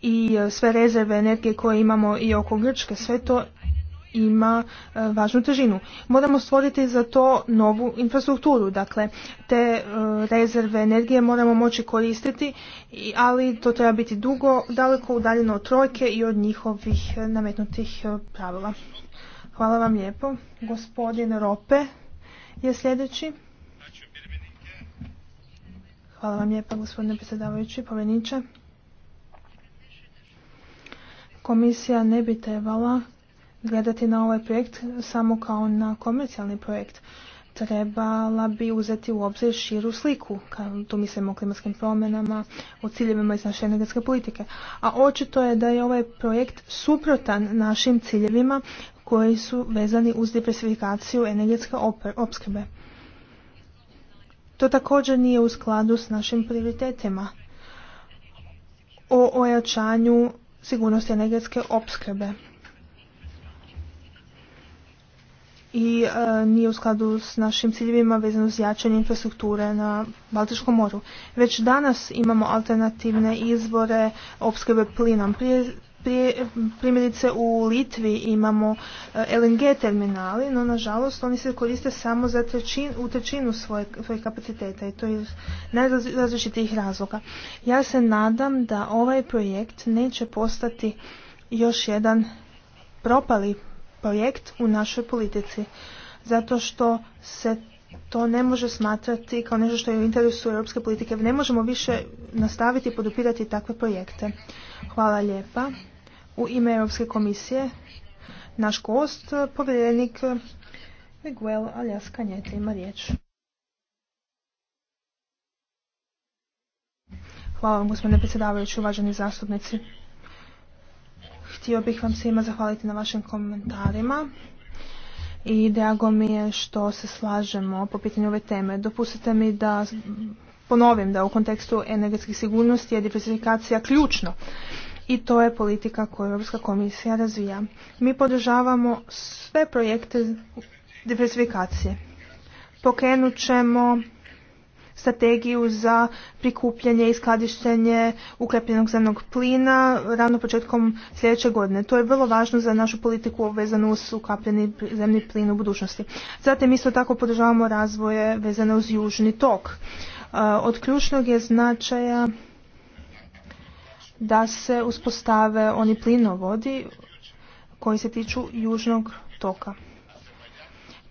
i e, sve rezerve energije koje imamo i oko Grčke, sve to ima e, važnu težinu. Moramo stvoriti za to novu infrastrukturu, dakle te e, rezerve energije moramo moći koristiti, ali to treba biti dugo, daleko udaljeno od trojke i od njihovih e, nametnutih pravila. Hvala vam lijepo. Gospodin Rope je sljedeći. Hvala vam lijepo, gospodine predsjedavajući, poveniče. Komisija ne bi trebala gledati na ovaj projekt samo kao na komercijalni projekt. Trebala bi uzeti u obzir širu sliku, tu mislimo o klimatskim promjenama, o ciljevima iz naše energetske politike. A očito je da je ovaj projekt suprotan našim ciljevima koji su vezani uz diversifikaciju energetske opskrbe. To također nije u skladu s našim prioritetima o ojačanju sigurnosti energetske opskrbe. i e, nije u skladu s našim ciljevima vezano s jačanje infrastrukture na Baltičkom moru. Već danas imamo alternativne izvore opskrbe plinom. Prije, primjerice u Litvi imamo e, LNG terminali, no nažalost oni se koriste samo za trećin, u trećinu svoje, svoje kapaciteta i to iz najrazličitih razloga. Ja se nadam da ovaj projekt neće postati još jedan propali projekt u našoj politici. Zato što se to ne može smatrati kao nešto što je u interesu europske politike. Ne možemo više nastaviti podupirati takve projekte. Hvala lijepa. U ime Europske komisije naš gost, povjerenik Miguel Aljas Kanjete, ima riječ. Hvala vam, gospodine predsjedavajući, uvaženi zastupnici. Htio bih vam svima zahvaliti na vašim komentarima i drago mi je što se slažemo po pitanju ove teme. Dopustite mi da ponovim da u kontekstu energetskih sigurnosti je diversifikacija ključno i to je politika koju Europska komisija razvija. Mi podržavamo sve projekte diversifikacije. Pokrenut ćemo strategiju za prikupljanje i skladištenje uklepljenog zemnog plina ravno početkom sljedeće godine. To je vrlo važno za našu politiku vezanu uz ukapljeni zemni plin u budućnosti. Zatim isto tako podržavamo razvoje vezane uz južni tok. E, od ključnog je značaja da se uspostave oni plinovodi koji se tiču južnog toka.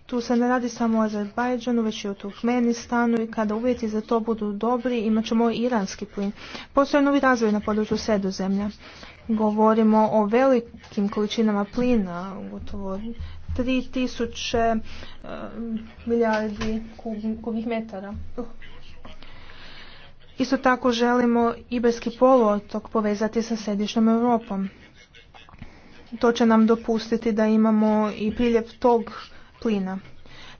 Tu se ne radi samo o Azerbajdžanu, već i o Turkmenistanu i kada uvjeti za to budu dobri, imat ćemo i iranski plin. Postoje novi razvoj na području sredozemlja. Govorimo o velikim količinama plina, gotovo 3000 e, milijardi metara. Isto tako želimo Iberski poluotok povezati sa središnjom Europom. To će nam dopustiti da imamo i priljev tog plina.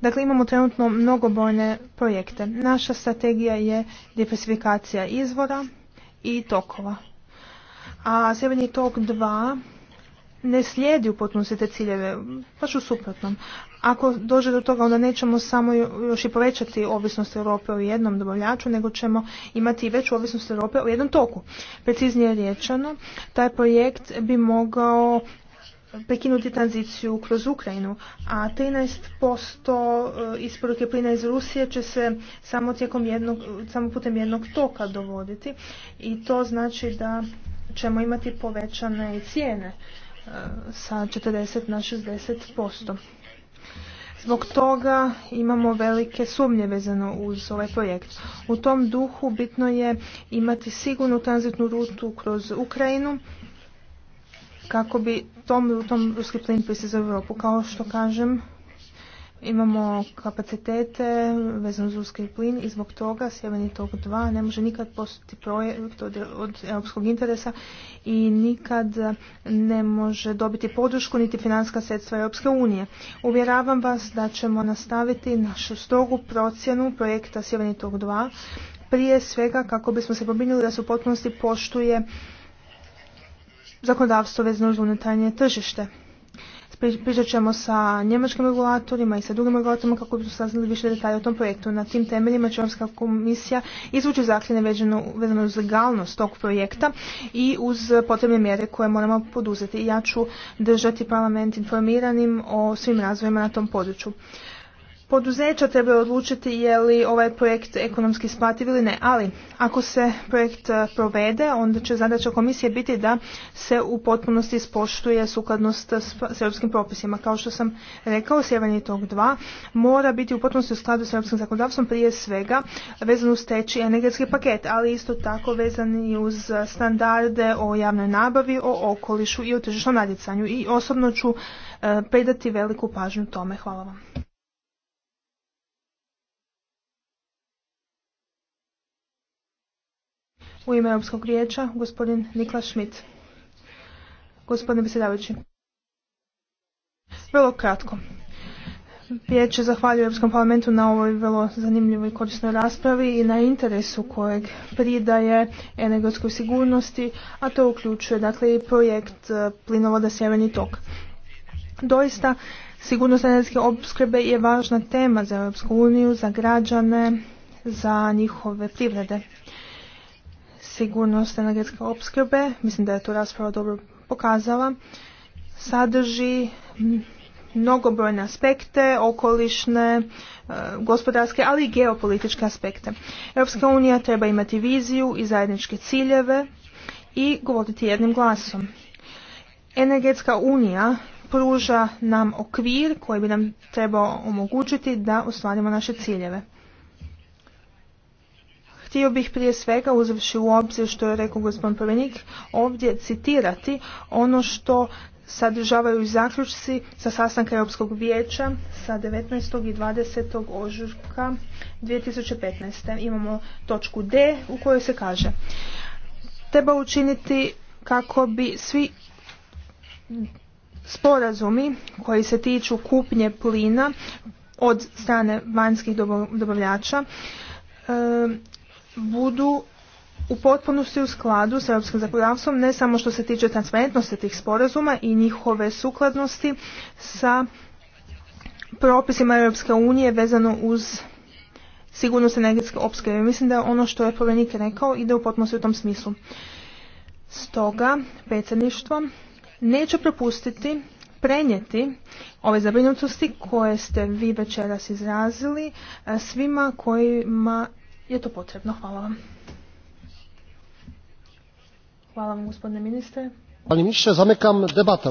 Dakle, imamo trenutno mnogoboljne projekte. Naša strategija je diversifikacija izvora i tokova. A Sjeverni tok 2 ne slijedi u potpunosti te ciljeve, baš u suprotnom. Ako dođe do toga, onda nećemo samo još i povećati ovisnost Europe u jednom dobavljaču, nego ćemo imati i veću ovisnost Europe u jednom toku. Preciznije rječano, taj projekt bi mogao prekinuti tranziciju kroz Ukrajinu, a 13% e, isporuke plina iz Rusije će se samo, tijekom jednog, samo putem jednog toka dovoditi i to znači da ćemo imati povećane cijene e, sa 40 na 60%. Zbog toga imamo velike sumnje vezano uz ovaj projekt. U tom duhu bitno je imati sigurnu tranzitnu rutu kroz Ukrajinu kako bi tom rutom ruski plin pristizao Europu. Kao što kažem, imamo kapacitete vezano uz ruski plin i zbog toga Sjeverni tok 2 ne može nikad postati projekt od, europskog interesa i nikad ne može dobiti podršku niti financijska sredstva Europske unije. Uvjeravam vas da ćemo nastaviti našu strogu procjenu projekta Sjeverni tok 2 prije svega kako bismo se pobrinuli da se u potpunosti poštuje zakonodavstvo vezano uz unutarnje tržište. Pričat ćemo sa njemačkim regulatorima i sa drugim regulatorima kako bi saznali više detalje o tom projektu. Na tim temeljima će Europska komisija izvući zakljene vezano uz legalnost tog projekta i uz potrebne mjere koje moramo poduzeti. Ja ću držati parlament informiranim o svim razvojima na tom području. Poduzeća treba odlučiti je li ovaj projekt ekonomski isplativ ili ne, ali ako se projekt e, provede, onda će zadaća komisije biti da se u potpunosti ispoštuje sukladnost s europskim propisima. Kao što sam rekao, Sjeverni tog dva mora biti u potpunosti u skladu s europskim zakonodavstvom prije svega vezan uz teči energetski paket, ali isto tako vezan i uz standarde o javnoj nabavi, o okolišu i o tržišnom natjecanju. I osobno ću e, predati veliku pažnju tome. Hvala vam. U ime Europskog vijeća gospodin Nikla Schmidt. Gospodine predsjedavajući. Vrlo kratko. Vijeće zahvaljuje Europskom parlamentu na ovoj vrlo zanimljivoj i korisnoj raspravi i na interesu kojeg pridaje energetskoj sigurnosti, a to uključuje dakle i projekt e, plinovoda Sjeverni tok. Doista, sigurnost energetske opskrbe je važna tema za Europsku uniju, za građane, za njihove privrede sigurnost energetske opskrbe, mislim da je to rasprava dobro pokazala, sadrži mnogobrojne aspekte, okolišne, e, gospodarske, ali i geopolitičke aspekte. Europska unija treba imati viziju i zajedničke ciljeve i govoriti jednim glasom. Energetska unija pruža nam okvir koji bi nam trebao omogućiti da ostvarimo naše ciljeve. Htio bih prije svega, uzevši u obzir što je rekao gospodin Prvenik, ovdje citirati ono što sadržavaju zaključci sa sastanka Europskog vijeća sa 19. i 20. ožujka 2015. Imamo točku D u kojoj se kaže treba učiniti kako bi svi sporazumi koji se tiču kupnje plina od strane vanjskih dobavljača budu u potpunosti u skladu s europskim zakonodavstvom, ne samo što se tiče transparentnosti tih sporazuma i njihove sukladnosti sa propisima Europske unije vezano uz sigurnost energetske opskrbe. Mislim da ono što je povjerenik rekao ide u potpunosti u tom smislu. Stoga predsjedništvo neće propustiti prenijeti ove zabrinutosti koje ste vi večeras izrazili eh, svima kojima je to potrebno. Hvala vam. Hvala vam gospodine ministre. Pani ministrze, zamykam debatę.